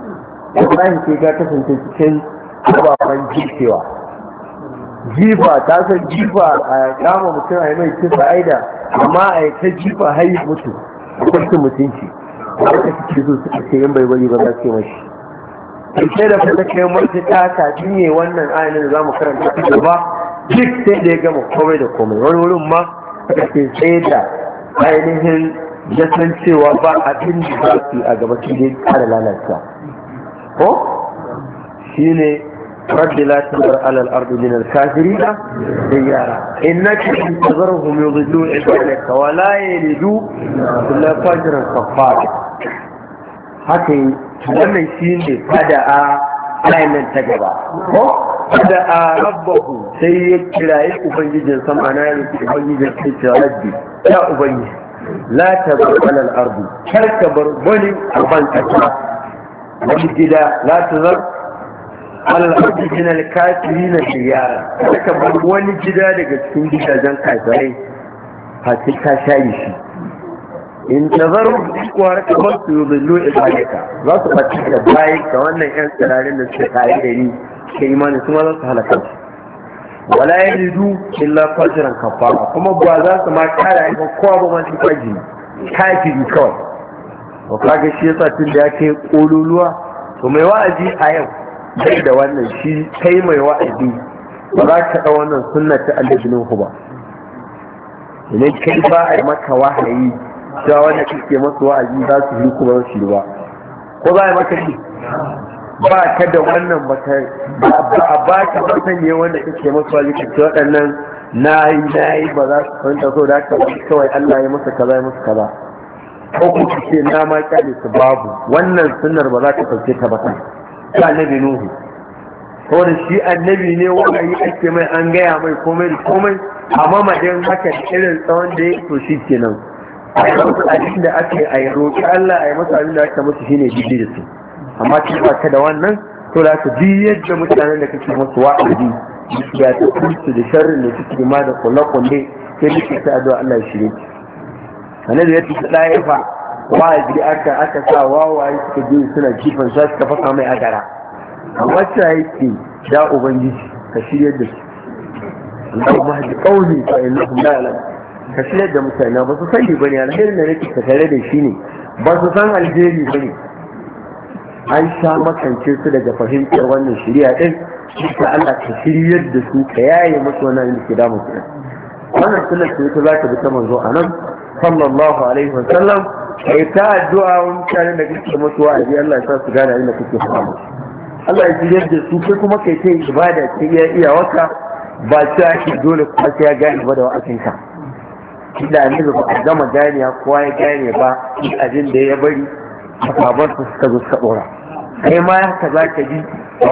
wallahi sai ka kasance cikin ababen jikewa jifa ta san jifa a kama mutum a yi mai kisa aida amma a yi ta jifa har mutu mutunci wata suke so suka ce yin bai ba za su mashi sai da kuma kai mulki ta ta ne wannan ayan da mu karanta ta gaba duk sai da ya gama komai da komai wani wurin ma suka ce sai da ainihin ya cewa ba abin da za su a gaba su dai kara lalata ko shine رب لا تذر على الأرض من الكافرين ديارا إنك تذرهم يضلون عبادك ولا يلدوا إلا فجرا كفارا haka yi wannan shi ne fada a ainihin ta gaba ko fada a rabbahu sai ya kiraye ubangijin sama na yi ubangijin sai ta rabbi ya ubangiji la ta bar alal ardu kar ka bar wani a ban kasa wani gida la ta zar alal ardu min al kafirin diyara kar ka bar wani gida daga cikin gidajen kafirai har sai ka shayi shi in tazaru kuwa ta basu yuzillu ibadaka za su faci da bayi ga wannan yan tsirarin da suke tare da ni ke imani ma za su halaka su wala ya yi yajidu illa fajiran kafara kuma ba za su ma kara ba kowa ba wani fajiri kafiri kawai ba kaga shi yasa tun da ya kai kololuwa to mai wa'azi a yau Kai da wannan shi kai mai wa'azi ba za ka ɗau wannan sunna ta ku ba idan kai ba a yi maka wahayi cewa wanda kake masu wa'azi za su yi kuma shi ba ko za a yi maka ne ba ka da wannan baka a ba ka masanye wanda kake masu wa'azi ka ce waɗannan na yi na yi ba za su fahimta so da haka kawai Allah ya masa kaza ya masa kaza ko ku ce na ma kyale su babu wannan sunnar ba za ka sauke ta ba kan ta nabi nuhu ko da shi annabi ne wanda yi ake mai an gaya mai komai da komai a mamadin haka irin tsawon da ya to shi kenan a yi abin da ake a yi roƙi Allah a yi musu abin da ake musu shine bibi da su amma ki ba ka da wannan to da ka bi yadda mutanen da kake musu wa'azi da ta kunsu da sharrin da suke ma da kulle-kulle sai muke ta addu'a Allah ya shirye ki annabi ya tuka ɗaya fa wa'azi aka aka sa wawaye suka je suna jifan sa suka fasa mai agara amma ta yake da ubangiji ka shirya da su اللهم ƙauni قومي فانهم لا يعلمون ka ciyar da mutane ba su sani ba ne alherin da nake ka tare da shi ne ba su san aljeri ba ne an sha makance su daga fahimtar wannan shirya ɗin ka Allah ka shiryar da su ka yaye musu wannan da ke damu su wannan sunan ce ta za ta bi ta manzo a nan sallallahu alaihi wa sallam kai ta addu'a wa mutane da kake musu wa'azi Allah ya sa su gane inda kake faɗa Allah ya shiryar da su kai kuma kai ta ibada ta iya iyawarka ba ta dole kuma sai ya gane ba da wa'azinka inda annabi ba a gama gane kowa ya gane ba abin da ya bari sababar su suka zo suka dora kai ma haka za ka ji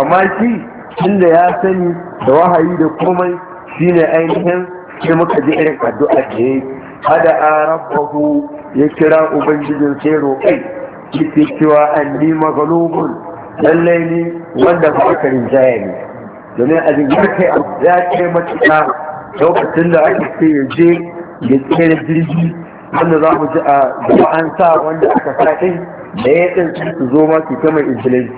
ma shi inda ya sani da wahayi da komai shine ainihin sai muka ji irin addu'a da ya yi hada a rabbahu ya kira ubangijin sai roƙai yake cewa an ni lallai ne wanda ba ka rinjaya ne domin a jingirka ya kai matuƙa lokacin da ake ce ya je da tsere jirgi wanda za mu ji a gaba an sa wanda aka sa ɗin da ya ɗin su zo ma su ta mai insulanci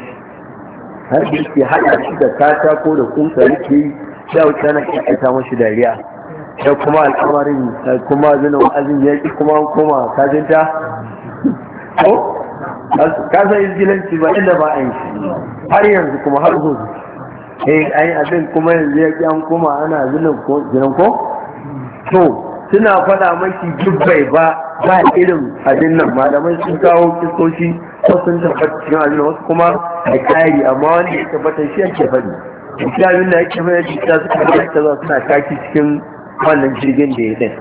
har da yake haɗa shi da ko da kusa yake ya wuce na ƙaƙƙata mashi dariya ya kuma al'amarin kuma zina wa'azin ya ƙi kuma koma kajinta ko kasar izgilanci ba inda ba a yi har yanzu kuma har gobe eh ai abin kuma yanzu ya ƙi an koma ana zina ko to suna faɗa maki jibbai ba ba irin abin nan malamai sun kawo kisoshi ko sun tabbata cikin abin wasu kuma a kari amma wanda ya tabbata shi ake faɗi shi abin da yake faɗi ta suka faɗi ta zuwa suna kaki cikin wannan jirgin da ya ɗin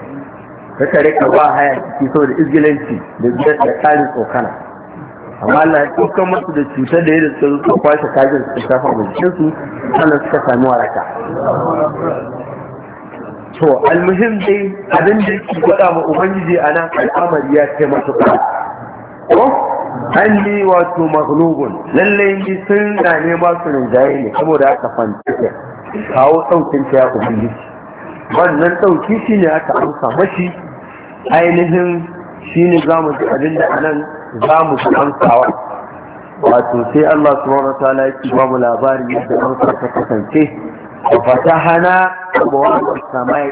suka rika ba haya ciki saboda izgilanci da biyar da ƙarin tsokana amma Allah ya tsokan masu da cutar da ya da suka zo kwashe kajin su shafa mai jikinsu sannan suka sami waraka to almuhim dai abin da yake faɗa ma ubangiji a nan al'amari ya ce matuƙa ko hanni wato maglubun lallai ni sun na nema su rinjaye ne saboda aka ke. kawo saukin ta ya ubangiji wannan sauki shi ne aka amsa mashi ainihin shi ne za mu ji abin da a nan za mu ji amsawa wato sai Allah subhanahu wa ta'ala labarin yadda amsa ta kasance fatahana abuwa samai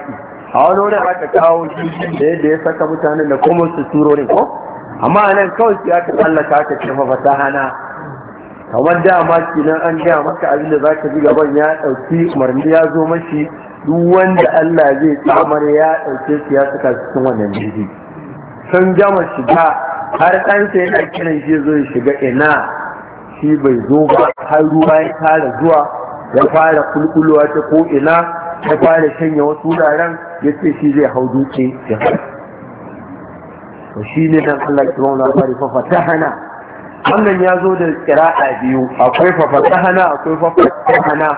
a wani wurin aka kawo jirgin da yadda ya saka mutanen da kuma su turorin ko amma a nan kawai su aka tsallaka aka ce hana. kamar dama kenan an gaya maka abin da zaka ji gaban ya ɗauki umarni ya zo mashi duk wanda Allah zai tsamar ya ɗauke su ya saka cikin wannan jirgi sun gama shiga har ɗansa yana kiran shi zo ya shiga ina shi bai zo ba har ruwa ya tara zuwa ya fara kulkulowa ta ko'ina, ya fara shanya wasu wuraren ya ce shi zai hau dutse ya shi ne nan Allah ya wani fafa ta hana wannan ya zo da kira'a biyu akwai ta hana akwai ta hana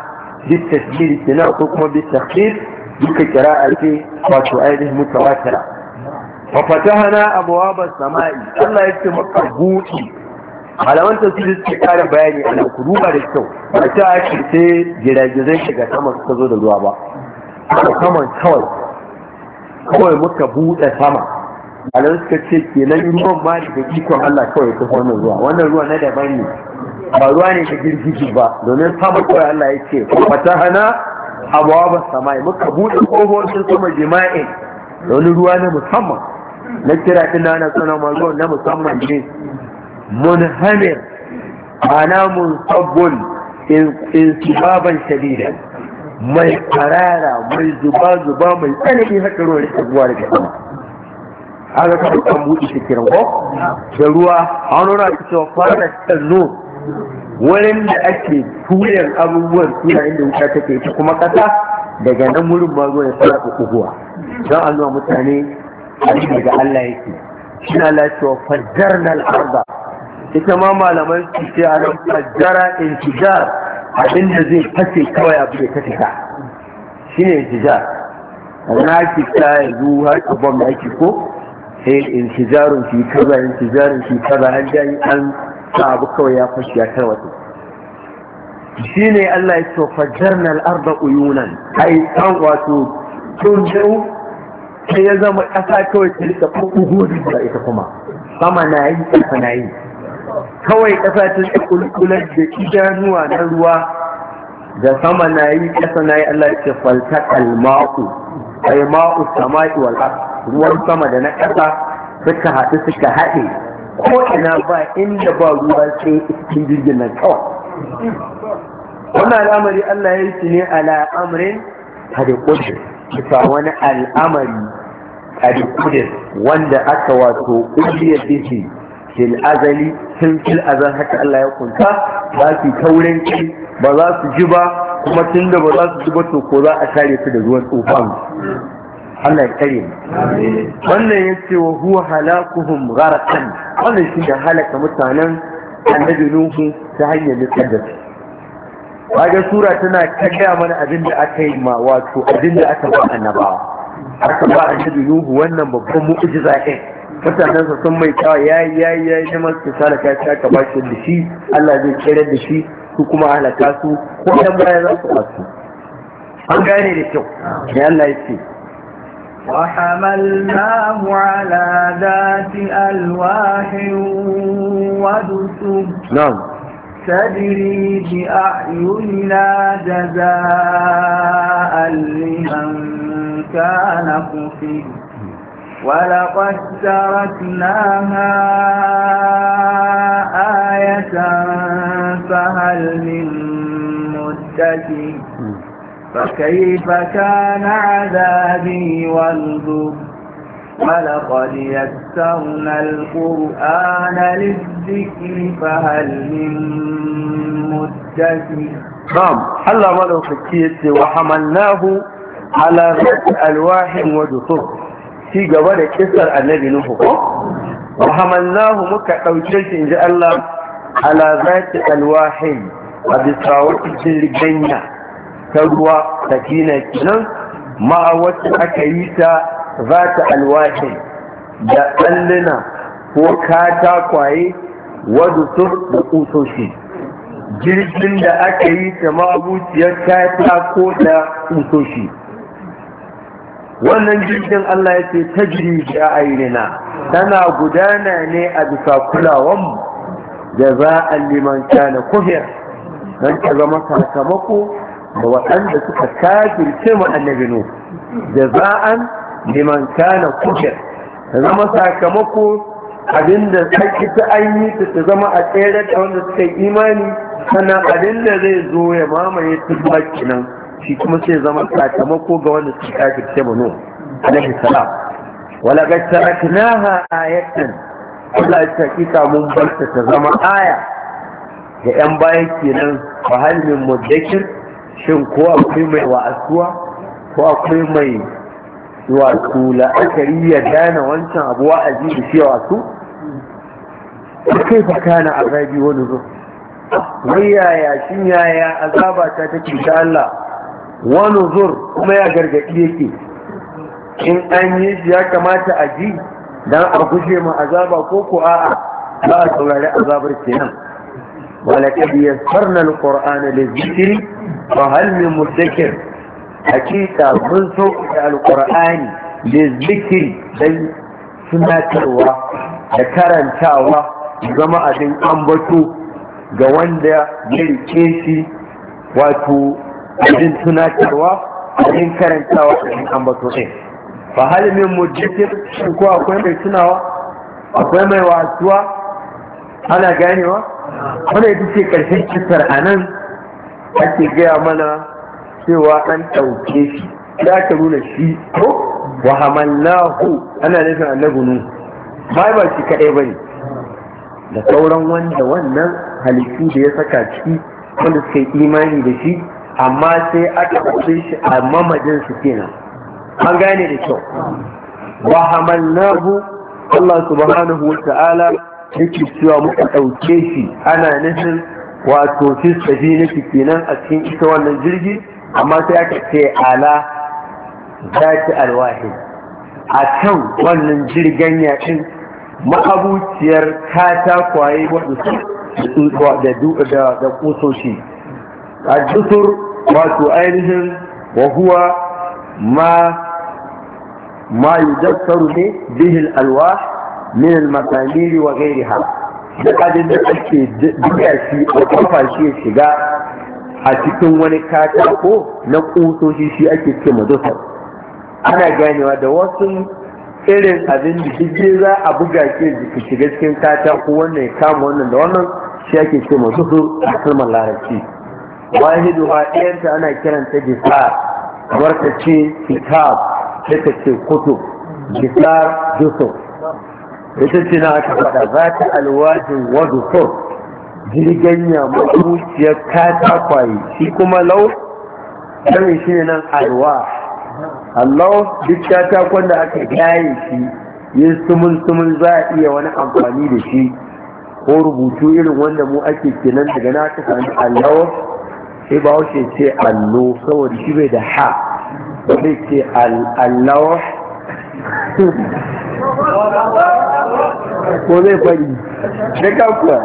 bi tasbir kina ko kuma bi takhfif duka kira'a ce wato ainihin mutawatira ta hana abuwa ba samai Allah ya ce maka buɗe. malaman tafsiri suke kare bayani a nan ku duba da kyau ba ta ake sai giragizai shiga sama suka zo da ruwa ba saman kawai kawai muka buɗe sama malamai suka ce ke nan ruwan ma da ikon Allah kawai ta wannan ruwa wannan ruwa na daban ne ba ruwa ne da girgiji ba domin sama kawai Allah ya ce hana abuwa ba samai muka buɗe sun sama jima'in wani ruwa na musamman na kira ina na tsanawa ruwan na musamman ne munhamir ma'ana munsabbun insibaban shadidan mai karara mai zuba zuba mai tsanani haka ruwa da zuwa daga sama haka kuma kan buɗe kiran ko da ruwa a wani ruwa cewa fara sannu wurin da ake tuyan abubuwan suna inda wuta take ita kuma ƙasa, daga nan wurin ma zuwa ya fara kukuwa don a zuwa mutane a ga Allah yake shina lafiya fajjarna al'arda ita ma malaman su ce a nan fajjara intijar abin da zai fashe kawai abu ya kashe Shi ne intijar na ki ta yanzu har abin da ki ko sai intijarun fi kaza intijarun fi kaza an ji an sa abu kawai ya fashe ya tarwata ne Allah ya ce fajjarna al'arda uyunan ai an wato tun tunjiru sai ya zama ƙasa kawai ta rika ƙugurin da ita kuma sama na yi ƙasa na yi kawai ƙasa ta rika ƙulƙular da idanuwa na ruwa da sama na yi ƙasa na yi Allah ya ce falta kalma'u ai ma'u sama'i wal ruwan sama da na ƙasa suka haɗu suka haɗe ko ina ba inda ba ruwa sai cikin jirgin nan kawai wannan al'amari Allah ya yi shi ne ala amrin hadi qudus bisa wani al'amari a qudus wanda aka wato ƙungiyar bihi fil azali sun fil azal haka Allah ya kunta za su taurin ba za su ji ba kuma tun da ba za su ji ba to ko za a share su da ruwan tsufan Allah ya kare mu wannan ya ce wa huwa halakuhum gharqan wannan shi da halaka mutanen annabi nuhu ta hanyar da kaga sura tana ta gaya mana abin da aka yi ma wato abin da aka ba annabawa aka ba annabi nuhu wannan babban mu'jiza ɗin mutanen sa sun mai tawa yayi yayi yayi na masu sala ta ci aka da shi Allah zai tsere da shi su kuma halaka su ko dan baya za su wasu an gane da kyau ne Allah ya ce وحملناه على ذات ألواح ودسر نعم تجري بأعيننا جزاء لمن كان كفر ولقد تركناها آية فهل من مدتي فكيف كان عذابي والذكر ولقد يسرنا القرآن للذكر فهل من مدكر نعم الله ولو فكيت وحملناه على ذات ألواح ودسور في قبل كسر النبي نوح وحملناه مكة أو إن جاء الله على ذات ألواح وبسراوة الجنة تروى سكينة مع وقت أكيسة da tsallina ko katakwaye wadda sun da بقوسوشي jirgin da aka yi ta mabuciyar kata ko da kusoshi wannan jirgin Allah ya ce ta jirgin a ainihina tana gudana ne a bisa kulawanmu da za a liman kana kuhiyar don ta zama sakamako da waɗanda suka kafirce mu annabi nu da za'an liman kana kufir ta zama sakamako abinda sarki ta an yi ta zama a tsere da wanda suka yi imani sannan abinda zai zo ya mamaye ta baki nan shi kuma sai zama sakamako ga wanda suka kafi ta mano alaihi salam wala ga taraknaha ayatan Allah ya ta mun bar ta zama aya Da yan bayan kenan fa hal mudakkir shin ko akwai mai wa'asuwa ko akwai mai wato la'akari ya gane wancan abu wa'azi da shi wato kai fa kana azabi wani zo wai yaya shin yaya azaba ta take ta Allah wani zur kuma ya gargaɗi yake in an yi shi ya kamata a ji dan a guje ma azaba ko ko a'a ba a saurari azabar kenan ولقد يسرنا القرآن للذكر فهل من مدكر hakika mun sauƙaƙe alƙur'ani da zikiri don sunatarwa da karantawa zama abin ambato ga wanda ya rike shi wato abin tunatarwa abin karantawa abin ambato ɗin fa halimin mujikin shi ko akwai mai tunawa akwai mai wasuwa ana ganewa wanda ita ce ƙarshen cutar a nan ake gaya mana cewa an ɗauke shi ya ka nuna shi ko wa hamallahu ana nufin annabi nu bai ba shi kaɗai bane da sauran wanda wannan halittu da ya saka ciki wanda suka yi imani da shi amma sai aka ɗauke shi a mamadin su kenan an gane da kyau wa hamallahu Allah subhanahu wa ta'ala yake cewa muka ɗauke shi ana nufin wato fi safinati kenan a cikin ita wannan jirgi amma sai aka ce ala zaki alwahi a kan wannan jirgin yakin ma'abuciyar katakwaye wadda da kusoshi a dusur wato ainihin wahuwa ma ma yudassaru ne bihin alwa min al-masamiri wa gairiha da kadin da ake duka shi a kafa shi ya shiga a cikin wani katako na kusoshi shi ake ce madusar ana ganewa da wasu irin abin da jirgin za a buga ke shiga cikin katako wannan ya kama wannan da wannan shi ake ce madusar a kalmar larabci wahidu a ɗayanta ana kiranta gisar kamar ta ce kitab sai ta ce kutub gisar dusur ita ce na aka faɗa za ta alwajin wadu jirgin ya ta katakwaye shi kuma lau ɗan shi ne nan alwa allau duk katakon da aka gaye shi yin sumun-sumun za a iya wani amfani da shi ko rubutu irin wanda mu ake kenan daga na ta sami allau sai ba wace ce allo saboda shi bai da ha ba zai ce allau ko zai fari da kakuwa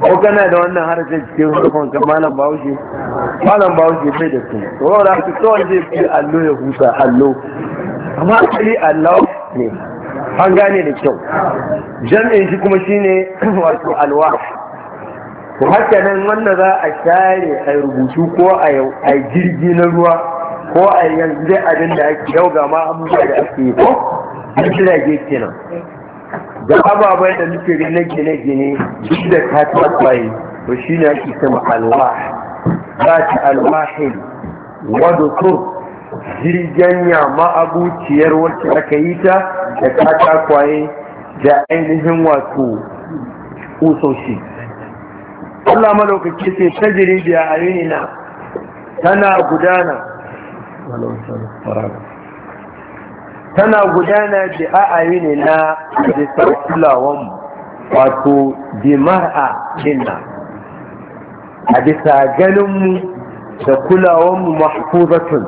ko kana da wannan harshen cikin harkon ka malam bahaushe malam bahaushe bai da su to wanda aka kawai zai fi allo ya huta allo amma Ali allo ne an gane da kyau jam'in shi kuma shine wato alwa ko haka nan wanda za a share a rubutu ko a jirgi na ruwa ko a yanzu abin da ake yau ga ma abubuwa da ake yi ko jirage kenan da ababai da muke na gine-gine duk da ta tabbaye to shi ne ake sama Allah za ta alwahin wadda tur jirgin yamma abuciyar wacce aka yi ta da ta katakwaye da ainihin wato usoshi Allah malaukaci ce ta jiribiya a na. tana gudana tana gudana da bi ne na bisa kulawan wato bi mar'a a bisa ganinmu da kulawanmu mahfuzatun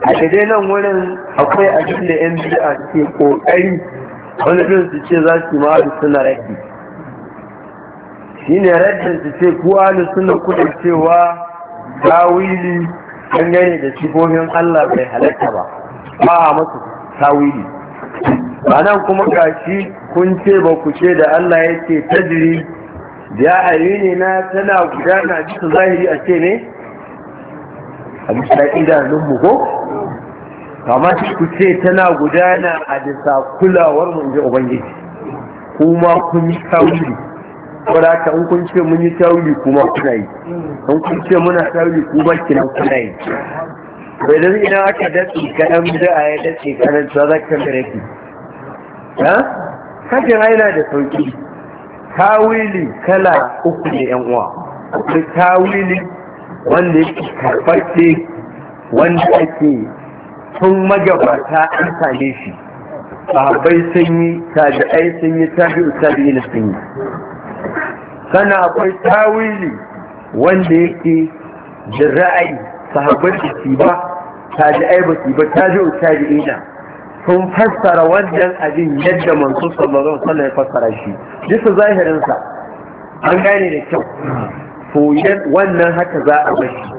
a daidai nan wurin akwai abinda da yan biya ke kokari wani irin su ce za su ma suna raki ne raddin su ce kuwa da suna kudin cewa tawili dangane da sifofin Allah bai halatta ba ba a masu tawili nan kuma gashi kun ce ba ku ce da Allah ya ce tajiri ya ne na tana gudana bisa zahiri a ce ne a bisa idanunmu ko kama ku ce tana gudana a bisa kulawar mu inji ubangiji kuma kun yi tawili wadda in kun ce mun yi tawili kuma kuna yi in kun ce muna tawili kuma kina kuna yi bai zan ina aka datsi kaɗan da a ya datsi kaɗan ta za rafi ha kashin haila da sauki tawili kala uku ne yan uwa akwai tawili wanda yake karɓaɗe wanda ake tun magabata an same shi sahabbai sun yi tabi'ai sun yi tabi'u tabi'ina sun akwai tawili wanda yake da ra'ayi sahabbai su ba tabi'ai ba su ba tabi'u tabi'ina sun fassara wannan abin yadda manzo sallallahu alaihi wasallam ya fassara shi duka zahirin sa an gane da kyau to wannan haka za a bashi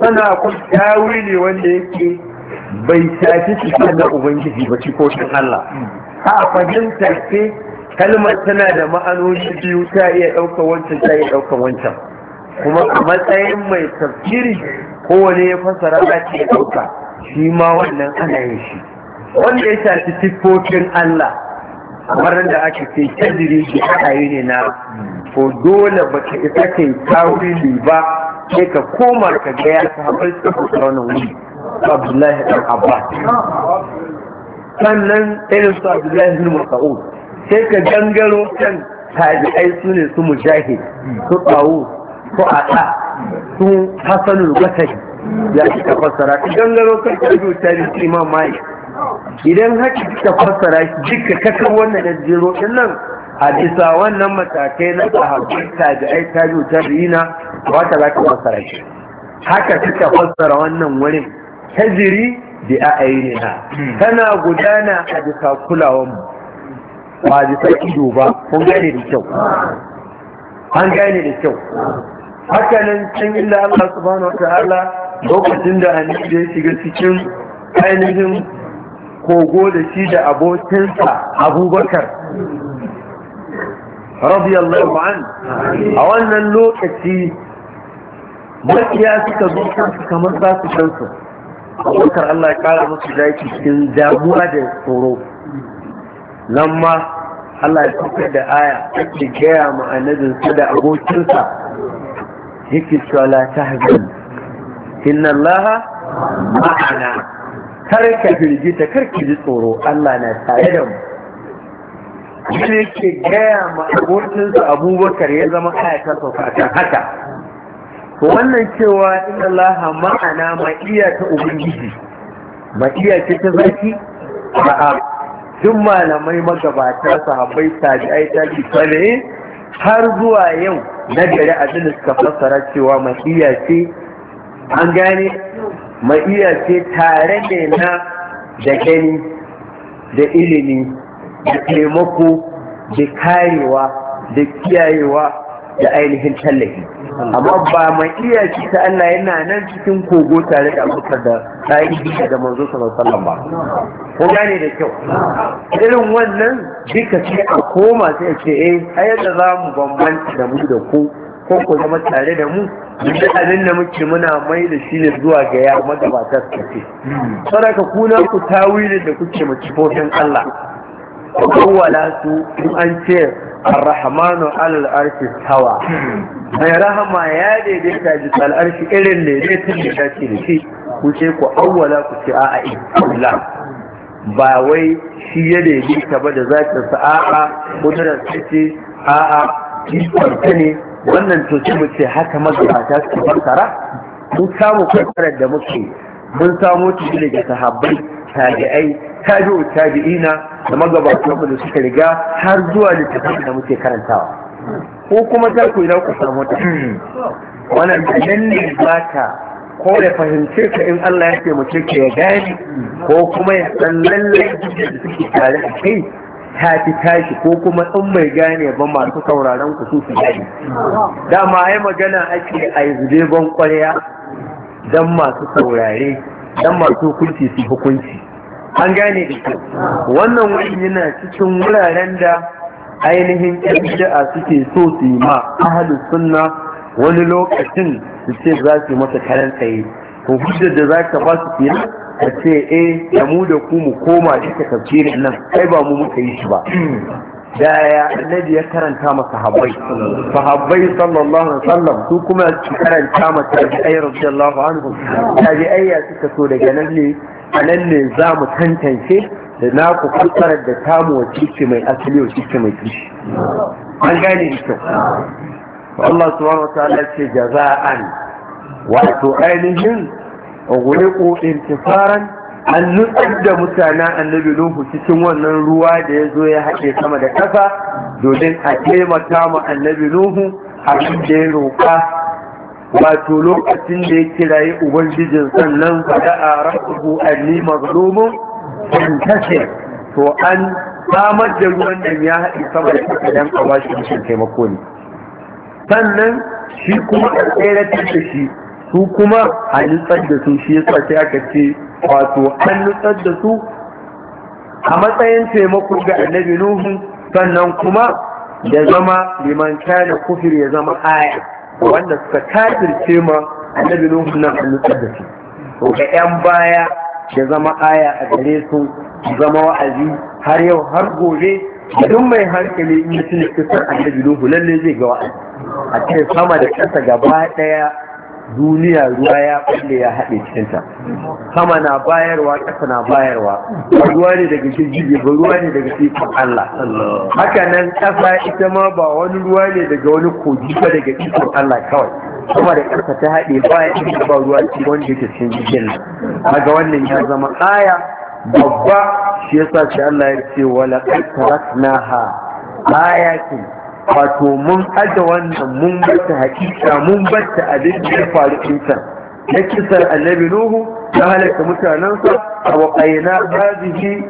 sana akwai ne wanda yake bai shafi cikin na ubangiji ba ci kotun Allah a fahimta ce kalmar tana da ma'anoni biyu ta iya ɗaukar wancan ta iya ɗaukar wancan kuma a matsayin mai tafsiri kowane ya fassara za ɗauka shi ma wannan ana yin shi wanda ya shafi siffofin Allah kamar da ake ce kadiri ke ra'ayi ne na ko dole ba ka isa ka yi ne ba sai ka koma ka ga ya ta haɓar wannan wuri Abdullahi ɗan Abbas sannan irin su Abdullahi bin Mas'a'u sai ka gangaro kan tabi'ai su ne su mujahid su ɓawo. Ko a fu'ada sun hasanul basari ya kika fassara idan gano kan kajo tarihi imam malik idan haka ta fassara shi duka kakan wannan da jero din nan a bisa wannan matakai na sahabbai tabi'ai tabi'u tabi'ina wata za ta fassara shi haka kika fassara wannan wurin tajiri da a'ainina tana gudana a bisa kulawan mu ba bisa ido ba kun gane da kyau an gane da kyau haka nan can inda Allah subhanahu wataala lokacin da annabi ya shiga cikin ainihin kogo da shi da abokinsa abubakar radiyallahu an a wannan lokaci makiya suka zo kansu kamar za su kansu abubakar Allah ya kara musu zaki cikin damuwa da tsoro nan ma Allah ya da aya ake gaya ma da abokinsa yake cewa la tahzan inna Allah ma'ana kar ka firgita kar ki ji tsoro Allah na tare da mu shi yake gaya ma abokinsa abubakar ya zama ayata sauka haka wannan cewa inna Allah ma'ana ma ta ubangiji ma ce ta zaki Ba'a, duk malamai magabata sahabbai tabi'ai tabi'ai har zuwa yau na gari abin da suka fassara cewa ma'iya ce an gane ma'iya ce tare ne na da gani da ilimi da taimako da karewa da kiyayewa da ainihin tallafi amma ba mai iya shi ta Allah yana nan cikin kogo tare da abubakar da ta'ibi da manzo sallallahu ba ko gane da kyau irin wannan duka sai a koma sai a ce eh ai da za mu bambanta da mu da ku ko ku zama tare da mu duk abin da muke muna mai da shi ne zuwa ga ya magabatar ka ce saraka kuna ku tawilin da kuke mu cikin Allah ko wala su in an ce الرحمن على الأرش استوى mai rahama ya daidaita jisal arshi irin daidaitun da ta ce ku ce ku awwala ku ce a'a illa ba wai shi ya daidaita ba da zakin sa a'a kudurar sa ce a'a ikon ta ne wannan to sai mu ce haka magabata su fassara mun samu fassarar da muke mun samo ta daga sahabbai tabi'ai tabi'u tabi'ina da magabatanmu da suka riga har zuwa littafin da muke karantawa ko kuma ta ku idan ku samu ta wannan nan ne ba ta ko da fahimce ka in Allah ya ce mu ke ya gane ko kuma ya san lallai da suke tare da kai ta fi tashi ko kuma in mai gane ba masu sauraron ku su su Da dama ai magana ake a yi zube ban kwarya don masu saurare don masu hukunci su hukunci an gane da kyau wannan wurin yana cikin wuraren da ainihin yan suke so su yi ma ahlus sunna wani lokacin su ce za su yi masa karan tsaye to hujjar da za ka ba su kenan ka ce eh da mu da ku mu koma duka tafsirin nan kai ba mu muka yi shi ba da ya annabi ya karanta ma sahabbai sahabbai sallallahu alaihi wasallam su kuma su karanta ma tabi'ai radiyallahu anhu tabi'ai ya suka so daga nan ne a nan ne za mu tantance da na ku kusurar da tamu wa ciki mai asali wa ciki mai kishi an gane kyau. Allah subhanahu wa ta'ala ce jaza'an wato ainihin ughliqu intifaran an nutsar da mutanen annabi Nuhu cikin wannan ruwa da ya zo ya haɗe sama da ƙasa domin a taimaka mu annabi Nuhu abin da ya roƙa wato lokacin da ya kiraye ubangijin sannan fada a rabu anni mazlumun fantasir to an samar da ruwan da ya haɗi sama da kasa don a bashi mutum taimako ne sannan shi kuma a tseratar da shi su kuma a nutsar da su shi yasa sai aka ce wato an nutsar da su a matsayin taimako ga annabi nuhun sannan kuma ya zama liman da kufir ya zama aya wanda suka kafirce ma annabi nuhu nan an nutsar da su to ga yan baya da zama aya a gare su zama wa'azi har yau har gobe duk mai hankali in mutum ya kisar annabi nuhu lalle zai ga wa'azi a cikin sama da ƙasa gaba ɗaya duniya ruwa ya kulle ya haɗe cikinta sama na bayarwa ƙasa na bayarwa ruwa ne daga girgije ba ruwa ne daga ikon Allah haka nan ƙasa ita ma ba wani ruwa ne daga wani kogi ba daga ikon Allah kawai sama da ƙasa ta haɗe baya ita ba ruwa ce wanda yake cikin jirgin nan wannan ya zama aya babba shi yasa shi Allah ya ce wala qad ha ayatin wato mun aje wannan mun bata hakika mun bata abin da ya faru na kisan annabi nuhu na halatta mutanensa a waƙaina bazihi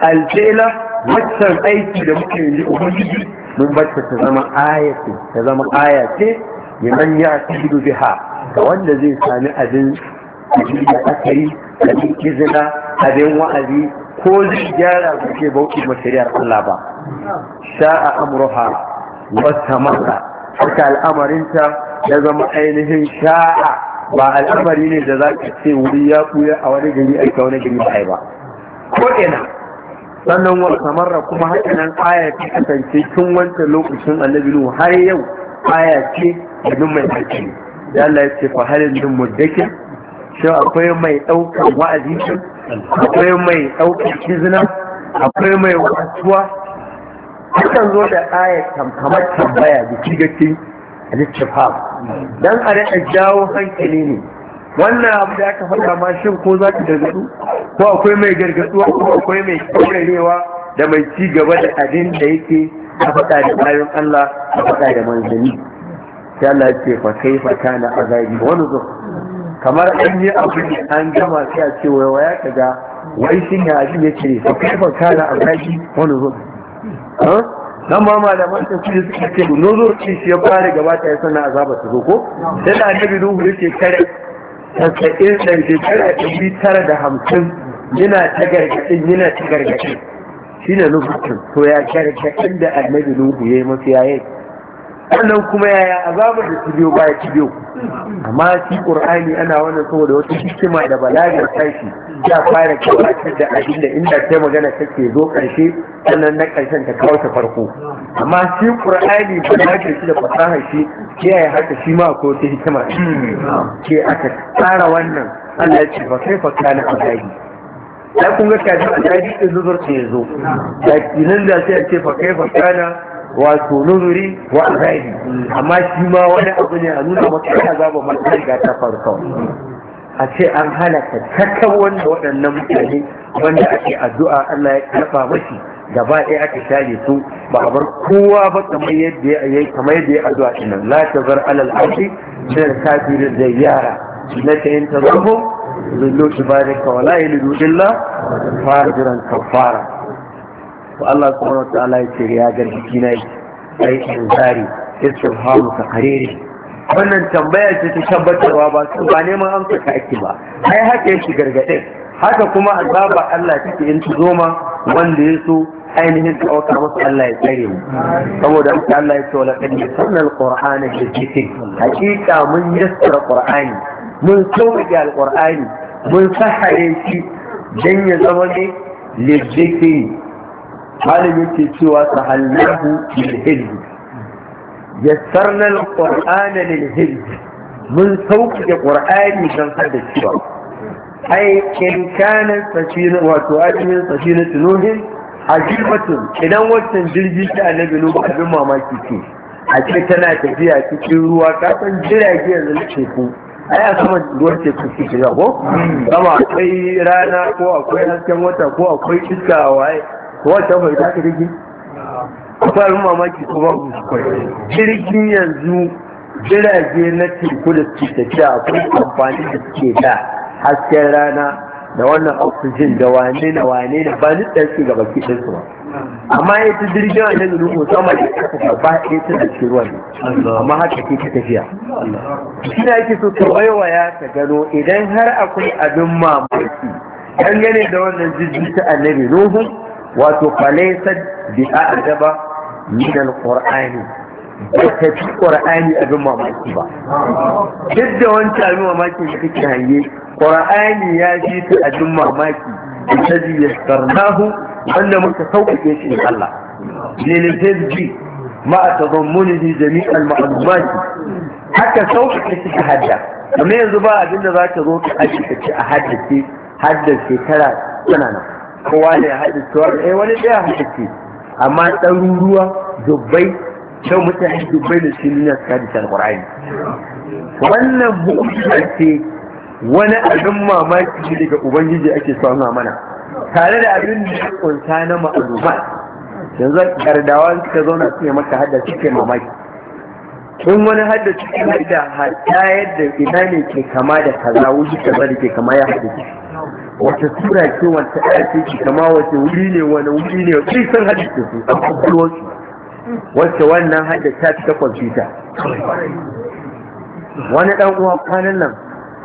aljela waccan aiki da muke yi ubangiji mun bata ta zama aya ta zama aya ce liman ya biha ga wanda zai sami abin abin da aka yi abin zina abin wa'azi ko zai gyara ba ce bauki masariyar Allah ba sha'a amruha wata masa haka al'amarinta ya zama ainihin sha'a ba al'amari ne da za ka ce wuri ya ɓuya a wani gari aika wani gari ba ba ko ina sannan wata marra kuma hakanan aya ta kasance tun wancan lokacin annabi har yau aya ce da mai hakki da Allah ya ce fa halin din muddakin shi akwai mai ɗaukar wa'azi akwai mai ɗaukar kizina akwai mai wasuwa akan zo da ayat kamar tambaya da cigakin al-istifham Don a rika jawo hankali ne wannan abu da aka faɗa ma shin ko za ki gargaɗu ko akwai mai gargaɗuwa ko akwai mai kaurarewa da mai ci gaba da abin da yake a faɗa da bayan Allah a faɗa da manzanni sai Allah ya ce fa kai fa kana azabi wani zo kamar an yi ne an gama sai a ce wai ya kaga wai shin ya abin yake Su kafa kala a kaji wani zo nan ma malaman ta su suka ce nuzur ce shi ya fara gabata ya sana azaba su zo ko sai da annabi nuhu yake kare tasa'in da shekara bi tara da hamsin yana ta gargaɗin yana ta gargaɗin shi ne nufin to ya gargaɗin da annabi nuhu yayi yi masu wannan kuma yaya azabar da biyo baya biyo amma shi qur'ani ana wannan saboda wata hikima da balagar tashi ya fara gabatar da abin da inda ta magana take zo karshe sannan na karshen ta kawo ta farko amma shi qur'ani balagar shi da fasahar shi kiyaye haka shi ma ko ta hikima ke aka tsara wannan Allah ya ce fa kaifa kana azabi sai kun ga kaji azabi din zuzurta zo da kinan da sai a ce fa kai kaifa kana wato nuzuri wa azabi amma shi ma wani abu ne a nuna maka za zaba mata riga ta farko a ce an halaka kakkan wanda waɗannan mutane wanda ake addu'a Allah ya karɓa mashi gaba ɗaya aka share su ba a bar kowa ba kamar yadda ya yi kamar yadda ya addu'a din nan la tazar alal ardi min al kafirin zayyara la ta in tazarhu zullu ibadaka wa la yalidu illa fajiran kafara Wa Allah subhanahu Ta'ala ya ce ya kina na ai inzari istifhamu taqriri wannan tambaya ce ta tabbatarwa ba su ba neman amsa ka ake ba ai haka yake gargadin haka kuma azaba Allah take in zo ma wanda ya so ainihin ta masa Allah ya tsare mu saboda haka Allah ya ce wala kad yasanna alqur'ana bi dhikri hakika mun yassara qur'ani mun sauƙaƙe alqur'ani mun sahare shi dan ya zama ne li Malamin yake cewa sahallahu lil hizb yassarna al qur'ana lil hizb mun sauƙaƙe qur'ani don da cewa ai in kana safina wato ajin tafsirin tunuhin ajibatun idan wancan jirgi ta annabi nuhu abin mamaki ce a ce tana tafiya cikin ruwa san jirage yanzu na teku ai a sama ruwan teku su shiga ko sama akwai rana ko akwai hasken wata ko akwai iska a waye wata bai da jirgin kwarin mamaki ko babu kwai jirgin yanzu jirage na teku da suke tafiya akwai amfani da suke da hasken rana da wannan oxygen da wane na wane da ba ni ɗarki ga baki ɗinsu ba amma ya ci jirgin wani da nufin sama da ya ba ba ɗaya ta da cikin ruwan amma haka ke ta tafiya shine ake so ka waiwaya ta gano idan har akwai abin mamaki dangane da wannan jirgin ta annabi nuhu وتقليصت بأعجب من القرآن وتفي القرآن أبن ما مكتبا جد وانت أبن ما مكتبا قرآن ياجيت أبن ما مكتبا الذي يسترناه وأن متسوق يشيء الله لنفذ بي ما أتضمنه جميع المعلومات حتى سوق يشيء هذا فما يزبع أبن ذاك ذوك أشيء أحدث في هذا في ثلاث سنة kowa ne ya haɗu haɗe tuwa eh wani ɗaya haɗe ce amma ɗaruruwa dubbai kyau mutane dubbai da su nuna suka da alƙur'ani wannan mu'ujiza ce wani abin mamaki daga ubangiji ake samu mana tare da abin da ya kunsa na ma'aluma yanzu gardawa suka zauna suke maka hada suke mamaki in wani hada suke hada hatta yadda ina ne ke kama da kaza wuce kaza da ke kama ya hada wata tura ce wata ake ce kama wata wuri ne wani wuri ne wata sun haɗe ce su a kwakwalwarsu wacce wannan haɗe ta fi ta kwamfuta wani ɗan uwa kwanan nan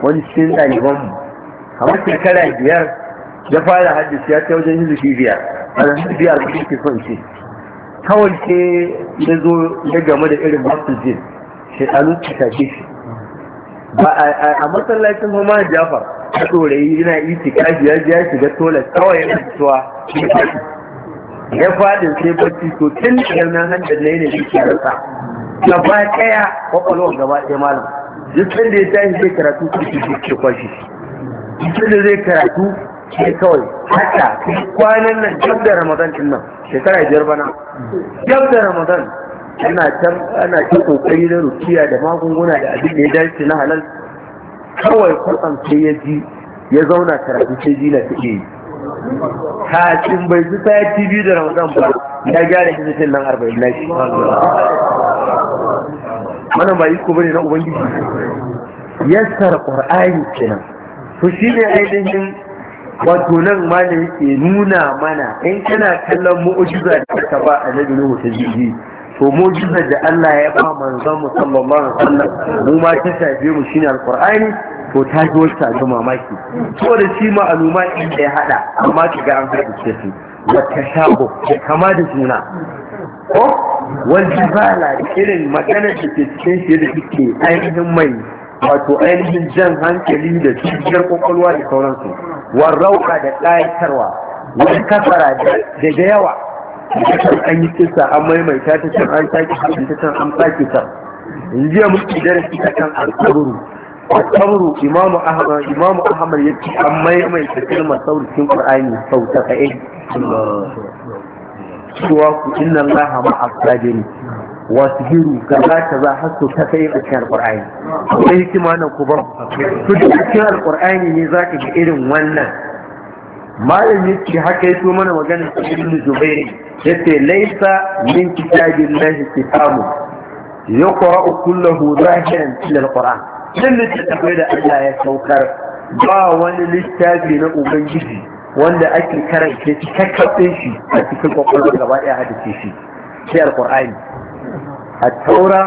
wani cikin mu. kamar shekara biyar ya fara haddisi ya ta wajen zuki biyar a biyar da ke son ce kawai ke ya zo ya game da irin masu jin shekaru ta shafe shi ba a masallacin Homa Jafar a tsorayi yana iti kaji ya ji ya shiga tola kawai yana fitowa ya fadin sai bacci to tun da yana handa na yana yi kirasa gaba ɗaya kwakwalwar gaba ɗaya malam duk da ya tashi zai karatu su su ke kwashi duk da zai karatu sai kawai haka kwanan nan duk da ramadan ɗin nan shekara biyar bana duk da ramadan ana can ana ta kokari na rukiya da magunguna da abin da ya dace na halal kawai kwatsam sai ya ji ya zauna karatu sai ji na take yi kacin bai su sati biyu da ramadan ba ya gyara shi cikin nan arba'in na shi mana ba iko bane na ubangiji yassar qur'ani kenan to shine ainihin wato nan ma ne yake nuna mana in kana kallon mu'ujiza da ka ba annabi Nuhu ta jiji to mujizar da Allah ya ba manzon mu sallallahu alaihi wasallam mu ma ta shafe mu shine alqur'ani to ta ji wata ga mamaki ko da shi ma aluma inda ya hada amma kiga an haɗa shi wa tashabu kama da juna ko wani bala irin maganar da ke cikin shi da suke ainihin mai wato ainihin jan hankali da cikin kwakwalwa da sauransu warrauka da ƙayatarwa wani kafara da da yawa da an yi kisa an maimaita ta can an sake haɗin ta can an sake ta jiya da darasi ta can a kabru A kabru imamu ahmad imamu ahmad ya ce an maimaita kalmar sauri cikin qur'ani sau ta kai cewa ku inna allaha ma'a sabirin wasu hiru kaza za har su ta kai a cikin alqur'ani sai hikima nan ku ba su cikin alqur'ani ne za ka ga irin wannan malam yake haka ya so mana magana ta ibn zubairi yace laisa min kitabillahi kitabu yaqra'u kullahu zahiran illa alquran dan littafai da Allah ya saukar ba wani littafi na ubangiji wanda ake karanta shi kakkaɓe shi a cikin kwakwalwa gaba ɗaya hadisi shi shi alqur'ani a taura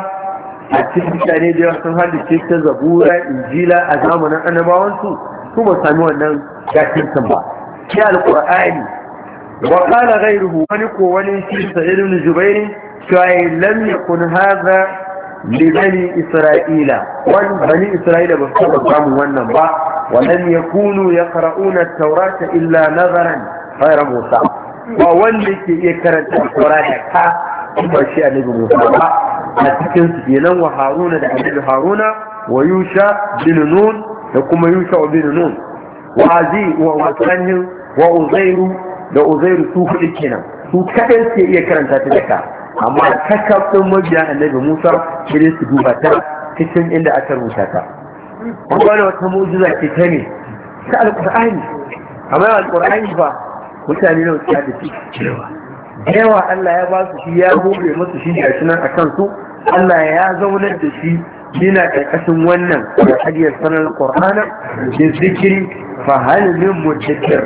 a cikin mutane da yawa sun haddace ta zabura injila a zamanin annabawansu su ba sami wannan gakin ba ki alqur'ani wa zai ruhu wani ko wani shi sa'id ibn jubair cewa lam yakun hadha li bani isra'ila wani bani isra'ila ba su samu wannan ba wa lam yakunu yaqra'una at-taurata illa nazaran ghayra musa ba wanda ke iya karanta alqur'ani ka ba shi annabi musa ba a cikin su kenan wa haruna da annabi haruna wa yusha bin nun da kuma yusha bin nun wazi wa wasannin wa uzairu da uzairu su hudu kenan su kaɗai suke iya karanta ta daga amma kakafin mabiya annabi musa shi su duba ta cikin inda aka rubuta ta wani wata mu'jiza ce ta ne ta alƙur'ani amma alƙur'ani ba mutane na suka da su yawa Allah ya ba su shi ya gobe musu shi da shi nan a kansu Allah ya zaunar da shi yana ƙarƙashin wannan da hadiyar sanar Qur'ana da zikiri fa hal min mudakkir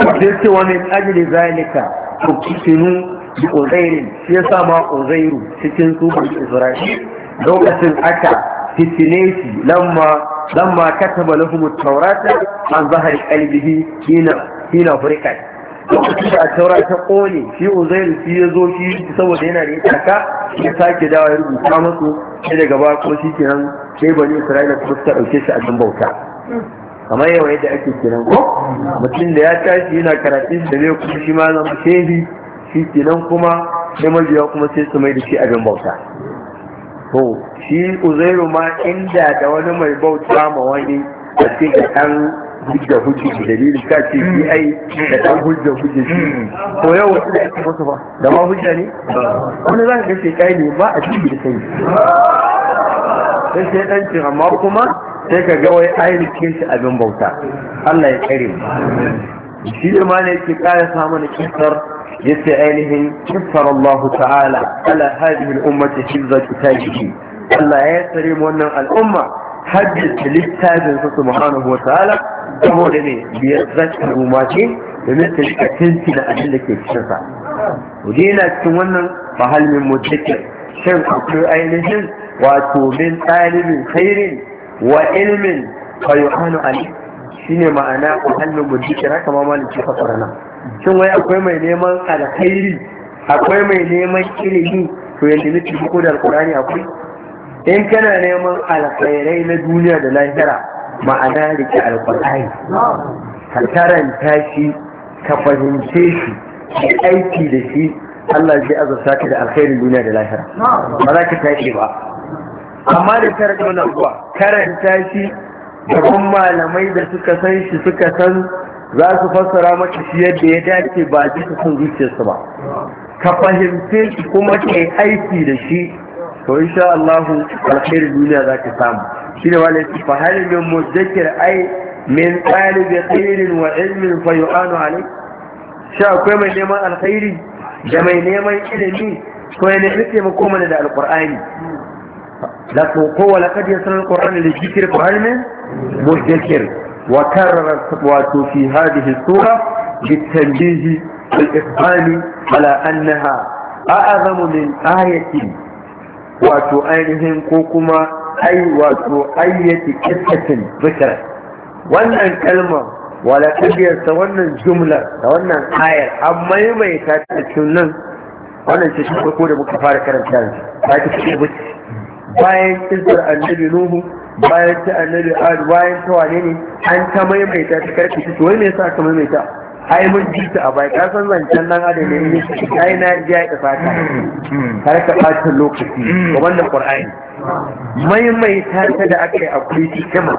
sai wa min ajli zalika tukitinu bi uzairin shi yasa ma uzairu cikin su isra'il lokacin aka fitine shi lamma lamma kataba lahum taurata an zahar qalbihi hina hina furikat lokacin da taura ta kone shi uzairu shi ya zo shi saboda yana da itaka ya sake dawa ya rubuta masu sai daga baya ko shi kenan sai bani isra'ila kuma suka ɗauke shi a dan bauta kamar yawa yadda ake kiran ko mutum da ya tashi yana karatun da zai kuma shi ma zama shehi shi kenan kuma sai mabiya kuma sai su mai da shi abin bauta to shi uzairu ma inda da wani mai bauta ma wani a ce da ɗan hujja hujja da dalilin ka ce shi ai da ɗan hujja hujja shi to yau wasu da ake masa ba da ma hujja ne wani za ka ga shekai ne ba a cikin da sai sai ɗan amma kuma sai ka ga wai ainihin shi abin bauta Allah ya kare mu shi da ma ne yake kara sa mana kisar yace ainihin kisar Allah ta'ala ala hadhihi al-ummati hizza kitabihi Allah ya tsare mu wannan al'umma haddace littafin su subhanahu wa ta'ala saboda ne biyar zaki umma domin ta rika tinti da abin da ke cikin sa yana cikin wannan fahalmin mutakir shan akwai ainihin wato min ɗalibin khairin wa ilmin fa yuhanu ali shine ma'ana hannu na kamar maliki fasara nan shin wai akwai mai neman alkhairi akwai mai neman ilimi to yadda nake ko da alqur'ani akwai in kana neman alkhairai na duniya da lahira ma'ana rike alqur'ani ka karanta shi ka fahimce shi ka aiki da shi Allah zai azurta ka da alkhairin duniya da lahira ba za ka tashi ba amma da tare da wannan kuwa karanta shi gaban malamai da suka san shi suka san za su fassara maka shi yadda ya dace ba ji su san zuciyarsu ba ka fahimce shi kuma kai aiki da shi to insha Allah alkhairin duniya za ka samu shine wala fa hal min mudakkir ai min ɗalibi khairin wa ilmin fa yu'anu alai shi akwai mai neman alkhairi da mai neman ilimi ko ne nufi ce mana da alkur'ani kowa laƙad ya sanar ƙoran da jikir ƙoranin muddakir wa karrar wato fi hadihi sura bitambihi al-ifhami ala annaha a'azamu min ayatin wato ainihin ko kuma ai wato ayyati kisatin bishar wannan kalmar wala tabiyarsa wannan jumla da wannan ayar an maimaita ta cikin nan wannan da muka fara karanta ta bayan kisar annabi nuhu bayan ta annabi adu bayan ta wane ne an ta maimaita ta karfi ta wani yasa ta maimaita ai mun ji ta a bai san zancen nan adam ne ne ai na ji ya kafa ta har ka bata lokaci ga wannan qur'ani maimaita ta da aka yi a kuliti kama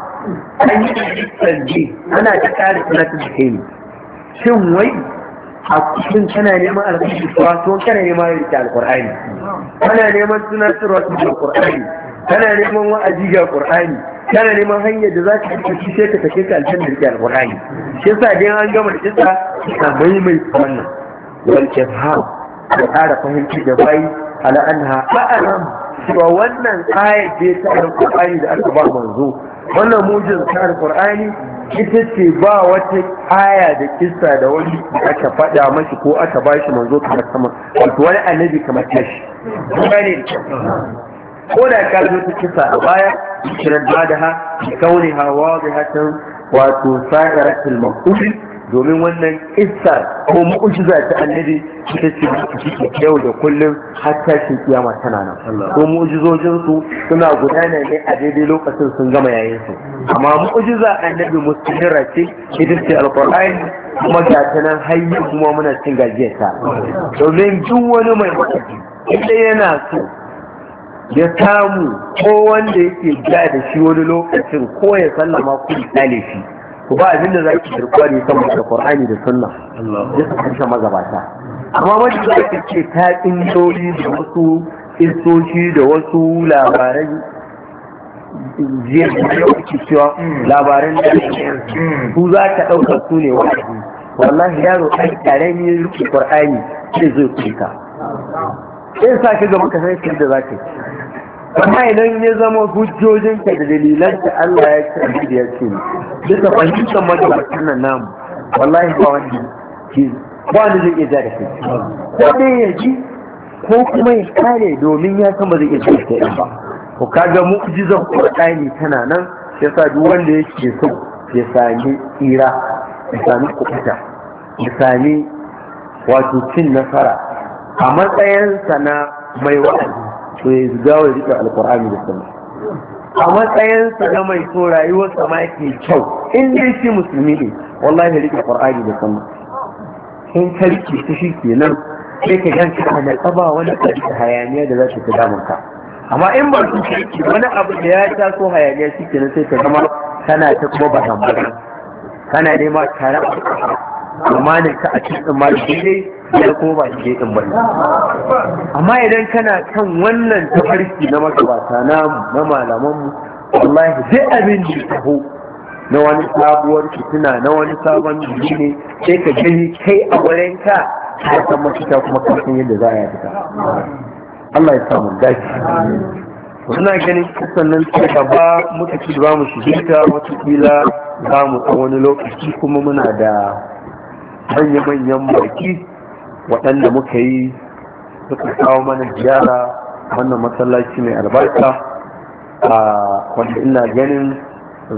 an yi sanji ana ta kare sanatin da kai shin wai a kullum kana neman alƙur'ani to kana neman rike alƙur'ani kana neman tunatarwa su alƙur'ani kana neman wa'azi ga alƙur'ani kana neman hanyar da za ka tafi sai ka tafi ka aljanna rike alƙur'ani shi yasa dai an gama da kisa ka maimai wannan wal ifham da ƙara fahimci da bai ala anha a'lam cewa wannan ayat ce ta alƙur'ani da aka ba manzo wannan mujin ta alkur'ani ita ce ba wata aya da kissa da wani aka faɗa mashi ko aka bashi manzo kamar sama wato wani annabi kamar tashi gane ko da ka zo ta kissa a baya kiran da ha kauni ha wadihatan wato sa'iratul maqul domin wannan isa ko mu'ujiza ta annabi ta ce yau da kullum har ta ce kiyama tana nan ko mu'ujizojin su suna gudana ne a daidai lokacin sun gama yayin su amma mu'ujiza annabi musulmira ce ita ce alqur'ani kuma ga ta nan har kuma muna cin gajiyarta domin duk wani mai wa'azi idan yana so ya samu ko wanda yake ja da shi wani lokacin ko ya sallama ku misali shi ku ba abin da za ki karɓa ne kan da Qur'ani da Sunna ya sa kanta magabata amma wani za ki ce ta tsintoyi da wasu istoci da wasu labarai jiya da yau ki cewa labaran da su za ka ɗauka su ne wani wallahi yaro ɗan ƙaramin riƙe Qur'ani sai zai kuka in sa ki ga maka sai da za amma idan ya zama hujjojinka da dalilan Allah ya ce da ya ce duka fahimtar majalisar nan namu wallahi ba wani ke ba wani zai iya da kai ko dai ya ji ko kuma ya kare domin ya san ba zai iya da kai ba ko kaga mu'jizar Qur'ani tana nan Ya sa duk wanda yake so ya sami tsira ya sami kuɓuta ya sami wato cin nasara a matsayinsa na mai wa'azi to ya gawo ya rika alkur'ani da sunna a matsayinsa na mai so rayuwarsa ma yake kyau in dai shi musulmi ne wallahi ya rika qur'ani da sunna in ka rike shi shi kenan sai ka gan ka na tsaba wani ɗari hayaniya da za ta fi damun ka amma in ba su shi wani abu da ya taso hayaniya shi kenan sai ka zama kana ta kuma ba kana nema ka raba tsammanin ka a cikin ma daidai ya ko ba shi ba amma idan kana kan wannan tafarki na magabata na na malaman mu wallahi duk abin da taho na wani sabuwar fitina na wani sabon jini, ne sai ka gani kai a wurin ka kan san mafita kuma ka yadda za a yi fita Allah ya samu gashi Suna ganin sannan ta ka ba ci ba mu shi wata kila za mu a wani lokaci kuma muna da manya-manyan baki waɗanda muka yi suka kawo mana ziyara wannan masallaci mai albarka a wanda ina ganin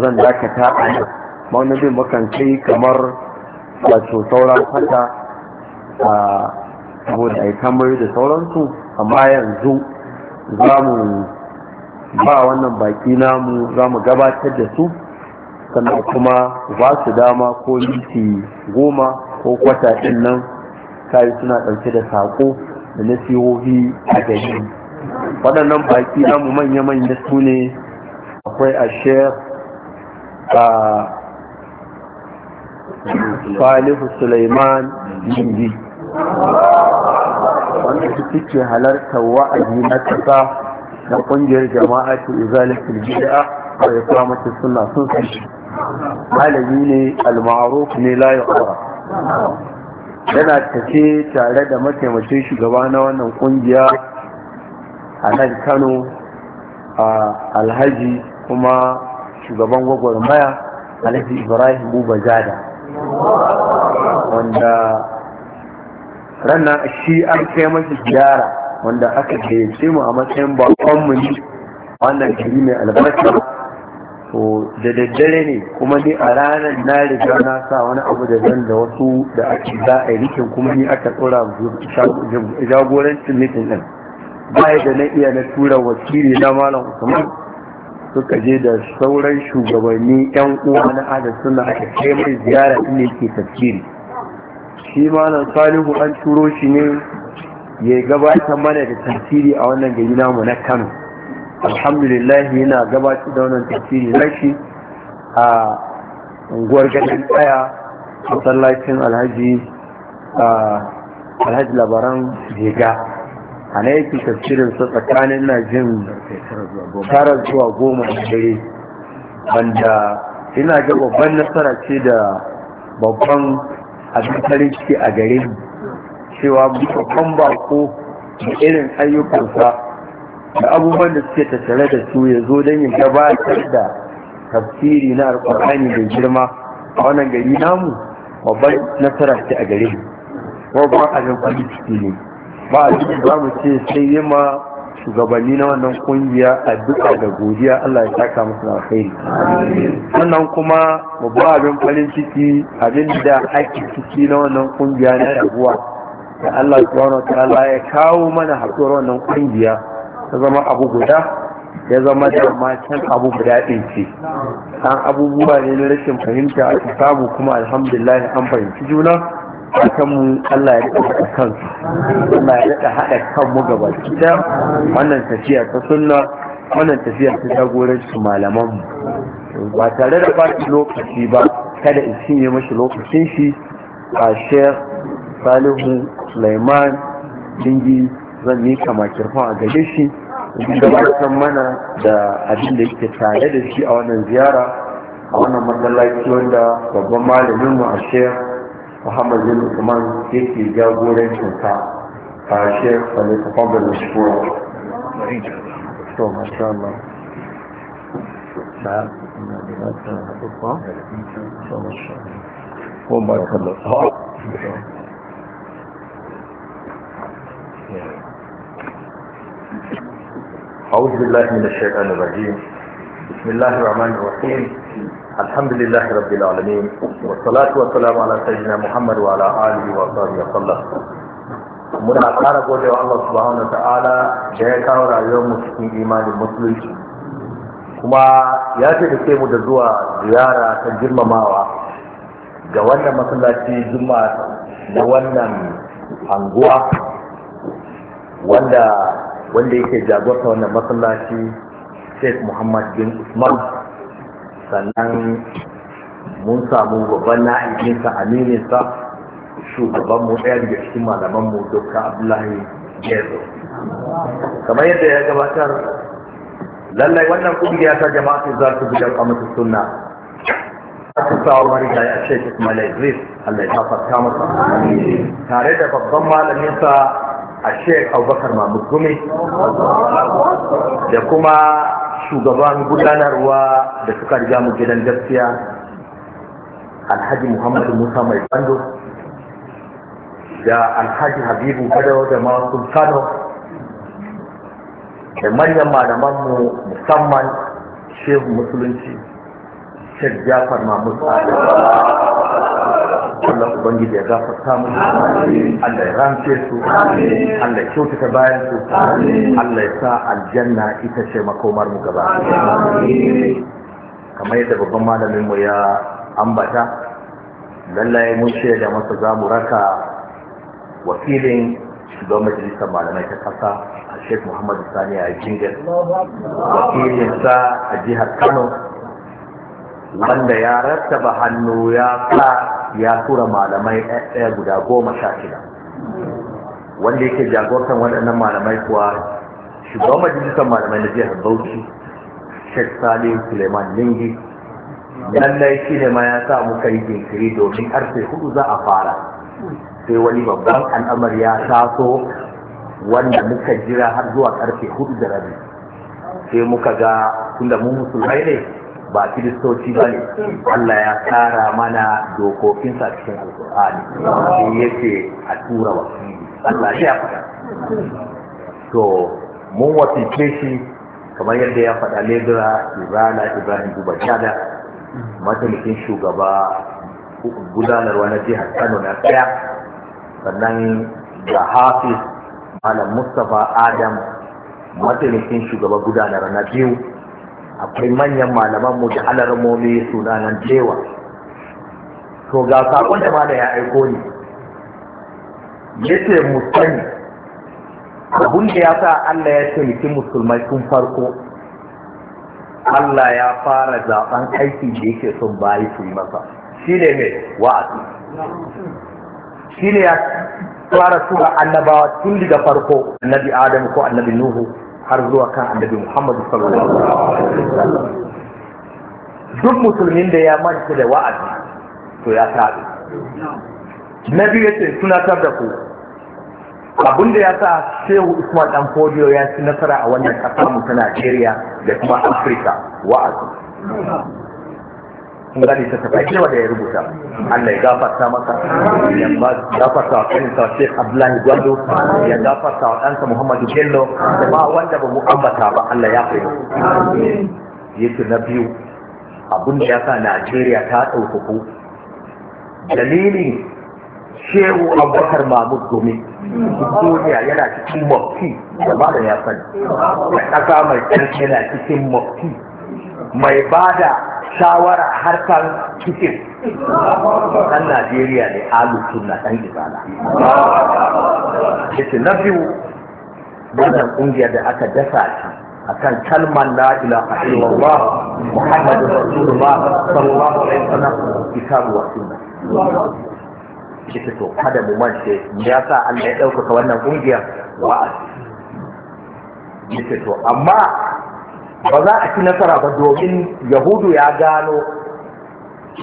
zan dakata a nan wani bin kai kamar wato sauran fata a saboda a kamar da sauransu amma yanzu za mu ba wannan baki namu za mu gabatar da su sannan kuma ba su dama ko minti goma ko kwata ɗin nan kayi suna ɗauke da saƙo da na siyohi a gari waɗannan baki namu manya-manya su ne akwai a shek a salihu suleiman yindi wanda su suke halartar wa'azi na ƙasa na ƙungiyar jama'a ta izalatul bid'a a ya kama suna sun sun malami ne almaruf ne la yana tafe tare da mataimakin shugaba na wannan kungiya a nan kano a alhaji kuma shugaban gwagwarmaya alhaji ibrahim buba jada wanda ranar shi an kai masa ziyara wanda aka gayyace mu a matsayin mu ne wannan gari mai albarka to da daddare ne kuma ni a ranar na riga na sa wani abu da zan da wasu da ake za a yi rikin kuma ni aka tsora jagorancin mitin din yi da na iya na tura wakili na malam usman suka je da sauran shugabanni yan uwa na ada suna aka kai mai ziyara in ne ke tafsiri shi malam salihu an turo shi ne ya gabatar mana da tafsiri a wannan gari namu na kano alhamdulillah yana gabaci da wannan tafsiri nashi a unguwar gadon tsaya masallacin alhaji alhaji labaran jega a na yake tafsirin su tsakanin na jin tara zuwa goma a dare Banda ina ga babban nasara ce da babban abin farin a gare cewa babban bako da irin ayyukansa da abubuwan da suke tattare da su ya zo don yin gabatar da tafsiri na alkur'ani da girma a wannan gari namu babban nasara ce a gare babban abin kwanci ciki ne ba a duk za mu ce sai yi ma shugabanni na wannan kungiya addu'a da godiya Allah ya saka musu na alkhairi sannan kuma babban abin farin ciki abin da ake ciki na wannan kungiya na rabuwa da Allah subhanahu wa ta'ala ya kawo mana haɗuwar wannan kungiya ta zama abu guda ya zama da matan abu guda ɗin ce an abubuwa ne na rashin fahimta a samu kuma alhamdulillah an fahimci juna akan mu Allah ya daɗa haɗa kansu Allah ya daɗa haɗa kanmu gaba ɗaya wannan tafiya ta sunna wannan tafiya ta jagorancin malaman mu ba tare da ba lokaci ba kada in cinye mashi lokacin shi a shekh salihu Suleiman, dingi zan mika makirfan a gare shi gabatar mana da abin da yake tare da shi a wannan ziyara a wannan matsalaki wanda babban malamin mu a shayar muhammad bin usman yake jagorancin sa a shayar falita fabul mashkura to masha أعوذ بالله من الشيطان الرجيم بسم الله الرحمن الرحيم الحمد لله رب العالمين والصلاة والسلام على سيدنا محمد وعلى آله وصحبه وسلم muna ƙara gode wa Allah subhanahu ta'ala da ya kawo rayuwar mu cikin imanin musulunci kuma ya ce da ke mu da zuwa ziyara ta girmamawa ga wannan masallaci juma'a na wannan anguwa wanda wanda yake jagorta wannan masallaci sheikh muhammad bin usman sannan mun samu babban na'ibinsa amininsa shugaban mu ɗaya daga cikin malaman mu dokta abdullahi Gezo. kamar yadda ya gabatar lallai wannan kungiya ta jama'a za su bi da suna. sunna aka sawa marika ya kuma ismail idris ta ya masa tare da babban malaminsa a sheik abubakar mahmud gumi da kuma shugaban gudanarwa da suka riga mu gidan gaskiya alhaji muhammad musa mai tsando da alhaji habibu badawa da masu kano da manyan malamanmu musamman shehu musulunci shek jafar mahmud Allah ubangiji ya gafarta mu Allah ya rance su Allah ya kyautata bayan su Allah ya sa aljanna ita ce makomar mu gaba kamar yadda babban malamin mu ya ambata lallai mun shaida masa za mu raka wakilin shugaban majalisar malamai ta kasa a sheikh muhammad sani a wakilin sa a jihar kano wanda ya rattaba hannu ya sa ya tura malamai ɗaya guda goma sha shida wanda yake jagoran waɗannan malamai kuwa shugaban majalisar malamai na jihar bauchi sheikh salim suleiman lingi lallai shi ne ma ya sa muka yi jinkiri domin karfe hudu za a fara sai wani babban al'amari ya taso wanda muka jira har zuwa karfe hudu da rabi sai muka ga tunda mu musulmai ne ba kiristoci ba ne Allah ya tsara mana dokokinsa cikin alkur'ani shi yake a tura wakili Allah ya faɗa to mun wakilce shi kamar yadda ya faɗa lebura ibrana ibrahim dubajada matalikin shugaba gudanarwa na jihar kano na tsaya sannan ga hafiz malam mustapha adam matalikin shugaba gudanarwa na biyu akwai manyan malaman mu da suna sunanan cewa to ga sakon da mala ya aiko ni yace mu sani abun da ya sa Allah ya taimaki musulmai tun farko Allah ya fara zaben aiki da yake son bayi su yi masa shi ne mai wa'azi shi ne ya fara tura annabawa tun daga farko annabi Adam ko annabi Nuhu har zuwa kan annabi Muhammad sallallahu alaihi wasallam duk musulmin da ya manta da wa'azi to ya tabi nabi yace tar da ku abin da ya sa shehu Usman dan Fodio ya ci nasara a wannan kasar mu ta Najeriya da kuma Afirka wa'azi kun gane ta tafi cewa da ya rubuta Allah ya gafarta masa ya gafarta wa kanin sa Sheikh Abdullahi Gwando ya gafarta wa ɗansa Muhammadu Bello da ba wanda ba mu ambata ba Allah ya kai yake na biyu Abun da ya sa Najeriya ta ɗaukaku dalilin shehu abubakar mahmud domin duniya yana cikin mafi da ba da ya sani da ƙasa mai ƙarfi yana cikin mafi mai bada. shawara harkar cikin ɗan Najeriya ne alutun na ɗan ibada. Ita na biyu wannan ƙungiyar da aka dasa shi a kan kalmar la ilaha ba, Muhammadu ba, sallallahu alaihi wasallam kitabu wa sunna. Yace to kada mu mace, ya sa Allah ya ɗaukaka wannan ƙungiyar wa'azi. Ita to amma ba za a ci nasara ba domin yahudu ya gano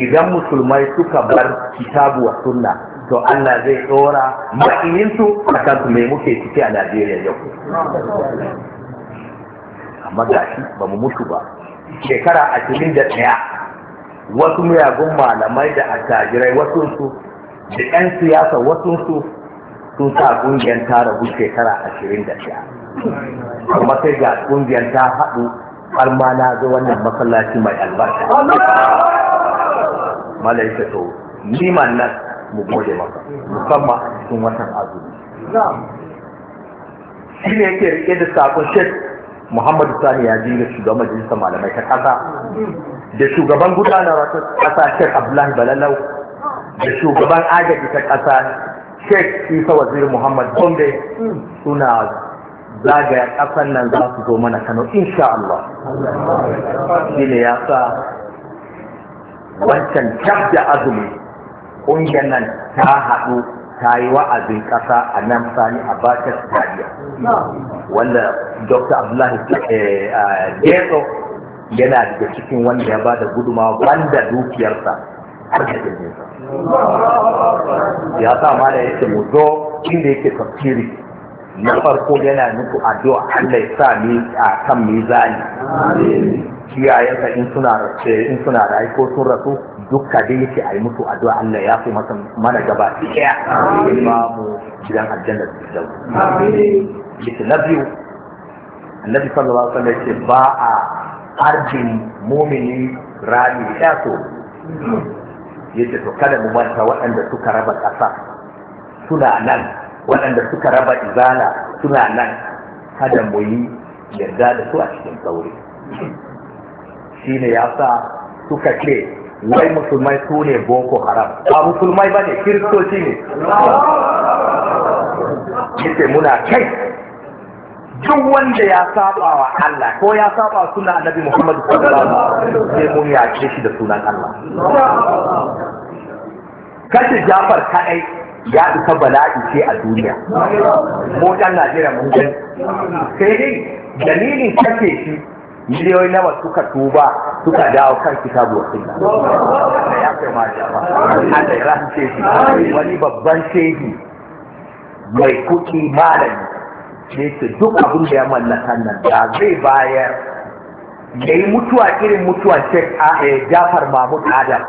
idan musulmai suka bar kitabu wa sunna to Allah zai tsora ma'ininsu a su mai muke ciki a Najeriya yau amma ga shi ba mu mutu ba shekara ashirin da ɗaya wasu miyagun malamai da attajirai su da 'yan siyasa su sun sa ƙungiyar ta rabu shekara ashirin da ɗaya kuma sai ga ƙungiyar ta haɗu har ma na zo wannan masallaci mai albarka malaika to liman nan mu gode maka musamman cikin watan azumi shi ne yake rike da sakon shek muhammadu sani ya jinga shugaban majalisar malamai ta kasa da shugaban gudanar ta kasa shek abdullahi balalau da shugaban agaji ta kasa shek isa waziri muhammad gombe suna zagaya ƙasan nan za su zo mana kano insha Allah shi ne ya sa wancan tab da azumi ƙungiyar nan ta haɗu ta yi wa'azin ƙasa a nan sani a bakar stadiya wanda dr abdullahi eh, Gezo yana daga cikin wanda ya ba da gudumawa Wanda dukiyarsa da ya sa ma da yake mu zo inda yake tafsiri na farko yana nufi addu'a Allah ya sa ni a kan mizani kiyayensa in suna in suna rayu ko sun rasu dukka da yake a yi musu addu'a Allah ya fi masa mana gaba ɗaya ba mu gidan aljanna da su yake na biyu annabi sallallahu alaihi wasallam ce ba a arjin mumini rani ɗaya so yake to kada mu manta waɗanda suka raba ƙasa suna nan waɗanda suka raba izala suna nan kada mu yi yarda da su a cikin sauri shi ne ya sa suka ce wai musulmai su ne boko haram ba musulmai ba ne kiristoci ne yake muna kai duk wanda ya saba wa Allah ko ya saba suna annabi Muhammad sallallahu alaihi wasallam sai mun yace shi da sunan Allah kace Jafar kadai ya isa bala'i ce a duniya mu dan Najeriya mun gani sai dai dalilin kake shi miliyoyi nawa suka tuba suka dawo kan kitabu wa sunna ya kai ma jama'a da ya ce shi wani babban shehi mai kuɗi malami ne su duk abin da ya mallaka nan da zai bayar ya yi mutuwa irin mutuwan shek a eh, jafar mahmud adam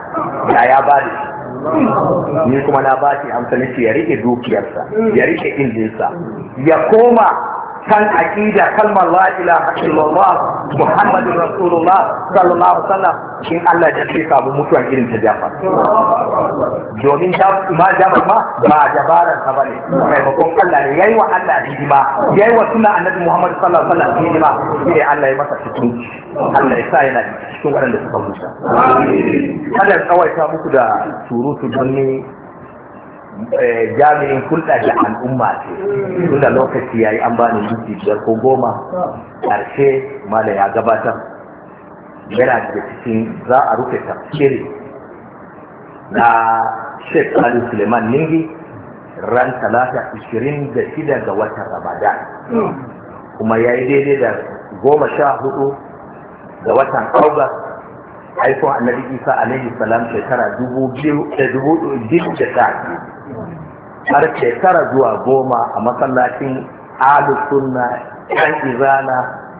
da ya ba da shi ni kuma na ba shi amsa na ya rike dukiyarsa ya rike injinsa ya koma kan aqida kalmar la ilaha illallah muhammadur rasulullah sallallahu alaihi wasallam in Allah ya ce ka mu mutuwa irin ta jafa domin ta ma jafa ma ba jabaran ka bane maimakon Allah ne yayi wa Allah ma! yayi wa sunna annabi muhammad sallallahu alaihi wasallam ma! sai Allah ya masa cikin Allah ya sa yana cikin waɗanda suka mutu kada tsawaita muku da surutu don Eh, jami'in hulɗa da al'umma ce tunda lokaci ya yi an bani minti biyar ko goma ƙarshe mala ya gabatar yana da cikin za a rufe tafsiri na Sheikh Ali Suleiman Ningi ran talata 26 ga watan Ramadan kuma ya yi daidai da goma sha hudu ga watan August haifon annabi Isa alaihi salam shekara dubu biyu da eh, dubu biyu da sha biyu har shekara zuwa goma a masallacin alu sunna yan izana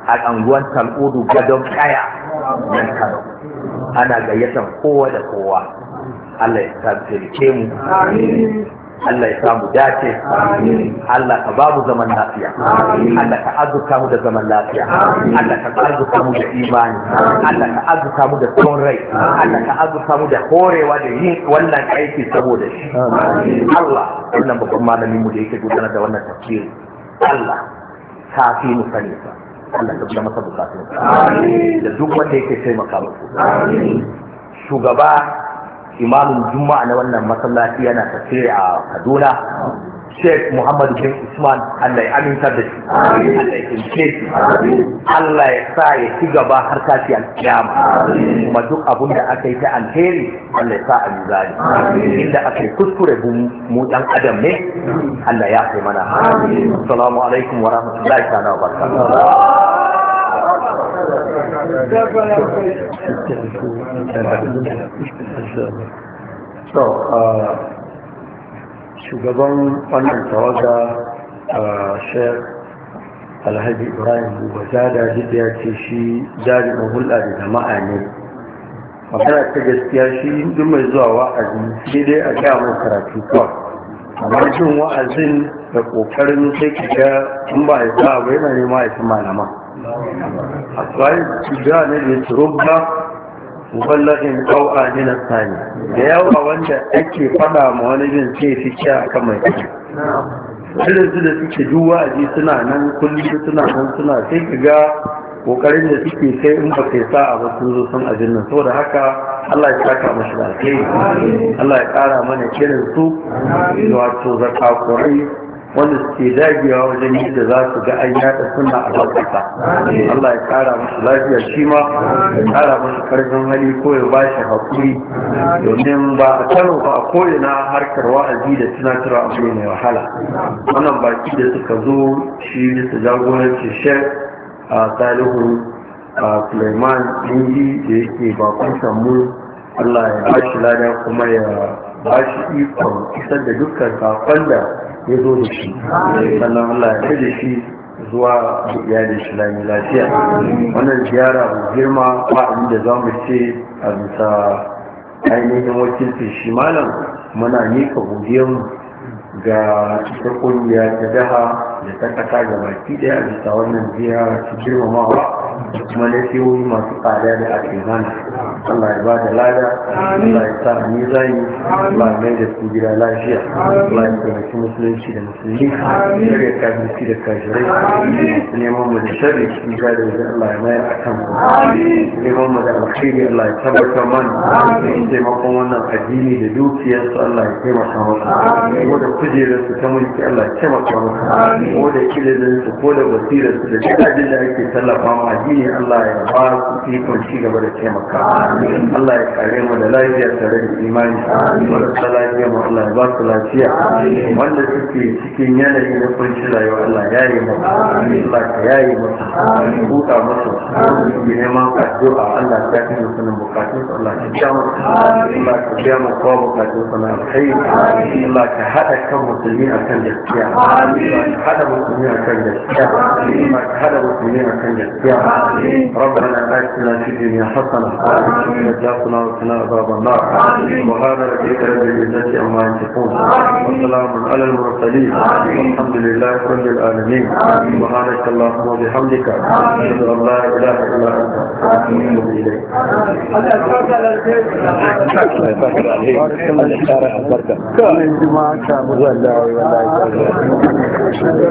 a anguwan tal'udu gadon kaya nan kano ana gayyatar kowa da kowa Allah ya tafsirce mu Allah ya samu dace Allah ka ba mu zaman lafiya Allah ka azuka mu da zaman lafiya Allah ka azuka mu da imani Allah ka azuka mu da son rai Allah ka azuka mu da horewa da yin wannan aiki saboda shi Allah wannan babban malamin mu da yake gudana da wannan tafsiri Allah kafi mu sani sa Allah ka biya masa bukatun da duk wanda yake taimaka muku shugaba imamin juma'a na wannan masallaci yana tafsiri a kaduna Sheikh Muhammad bin Usman Allah ya aminta da shi Allah ya Allah ya sa ya ci gaba har kafi alkiyama kuma duk abun da aka yi ta alheri Allah ya sa a inda aka yi kuskure mu dan adam ne Allah ya kai mana assalamu alaikum wa rahmatullahi wa barakatuh Uh, shugaban wannan tawaga a uh, shek alhaji ibrahim bubazada duk ya ce shi jarimin hulɗa da jama'a ne magana ta gaskiya shi duk mai zuwa wa'azi dai a gaya mai karatu kawai amma jin wa'azin da ƙoƙarin sai kika, in ba ya sa ba yana nema ya fi malaman akwai da ne da turubba muballagin kawa ne na sani da yawa wanda ake fada ma wani jin ce fi kya a kan mai ciki su da suke duwa a ji suna nan kullum suna nan suna sai ka ga kokarin da suke kai in ba kai sa'a ba sun zo sun abin nan saboda haka Allah ya saka mashi da Allah ya kara mana kirin su wato zakakurai wanda suke dagewa wajen yadda za su ga an yada suna a ƙasa Allah ya kara musu lafiya shi ma ya kara musu karfin hali ko ya ba shi haƙuri domin ba a kano ba a koyana harkar wa'azi da tunatarwa abu mai wahala wannan baki da suka zo shi bisa jagoranci a salihu a suleiman inji da yake bakon mu Allah ya ba shi lada kuma ya ba shi ikon isar da dukkan kafanda. da ya zo da shi sannan Allah ya da shi zuwa da shi lami lafiya wannan ziyara a girma ba abin da za mu ce a bisa ainihin wakilci shi malam muna nika godiyarmu ga ita kungiya ta daha da ta kasa ga baki daya a bisa wannan jiya su girmamawa kuma ke wuri masu tsada da ake mana Allah ya ba da lada Allah ya sa ni zai Allah mai da su gida lafiya Allah ya taimaki musulunci da musulmi ya ga su da kafirai su neman mu da sharri su ga da wajen Allah ya mayar a kan su neman mu da alkhairi Allah ya tabbatar mana taimakon wannan addini da dukiyarsu Allah ya taimaka masa ko da kujerarsu ta mulki Allah ya taimaka masa ko da ilimin su ko da basirar su da duk da ake tallafa ma addini Allah ya ba su ikon ci gaba da taimaka Allah ya kare mu da lafiya tare da imani marasa lafiya mu Allah ya ba su lafiya wanda suke cikin yanayi na kunci rayuwa Allah ya yi mu Allah ka ya yi musu buka musu ki neman addu'a Allah ya fi musu nan bukatun su Allah ya biya mu Allah ka biya mu kowa bukatun su na alkhairi Allah ka haɗa kan musulmi akan gaskiya Allah ka haɗa المسلمين كان هذا المسلمين كان ربنا آتنا في الدنيا حسنة وجعلنا وقنا عذاب النار وهذا الذي الذي التي أما ينتقون وسلام على المرسلين والحمد لله رب العالمين سبحانك اللهم وبحمدك أشهد أن لا إله إلا أنت أتوب إليك بارك الله فيك البركة والله والله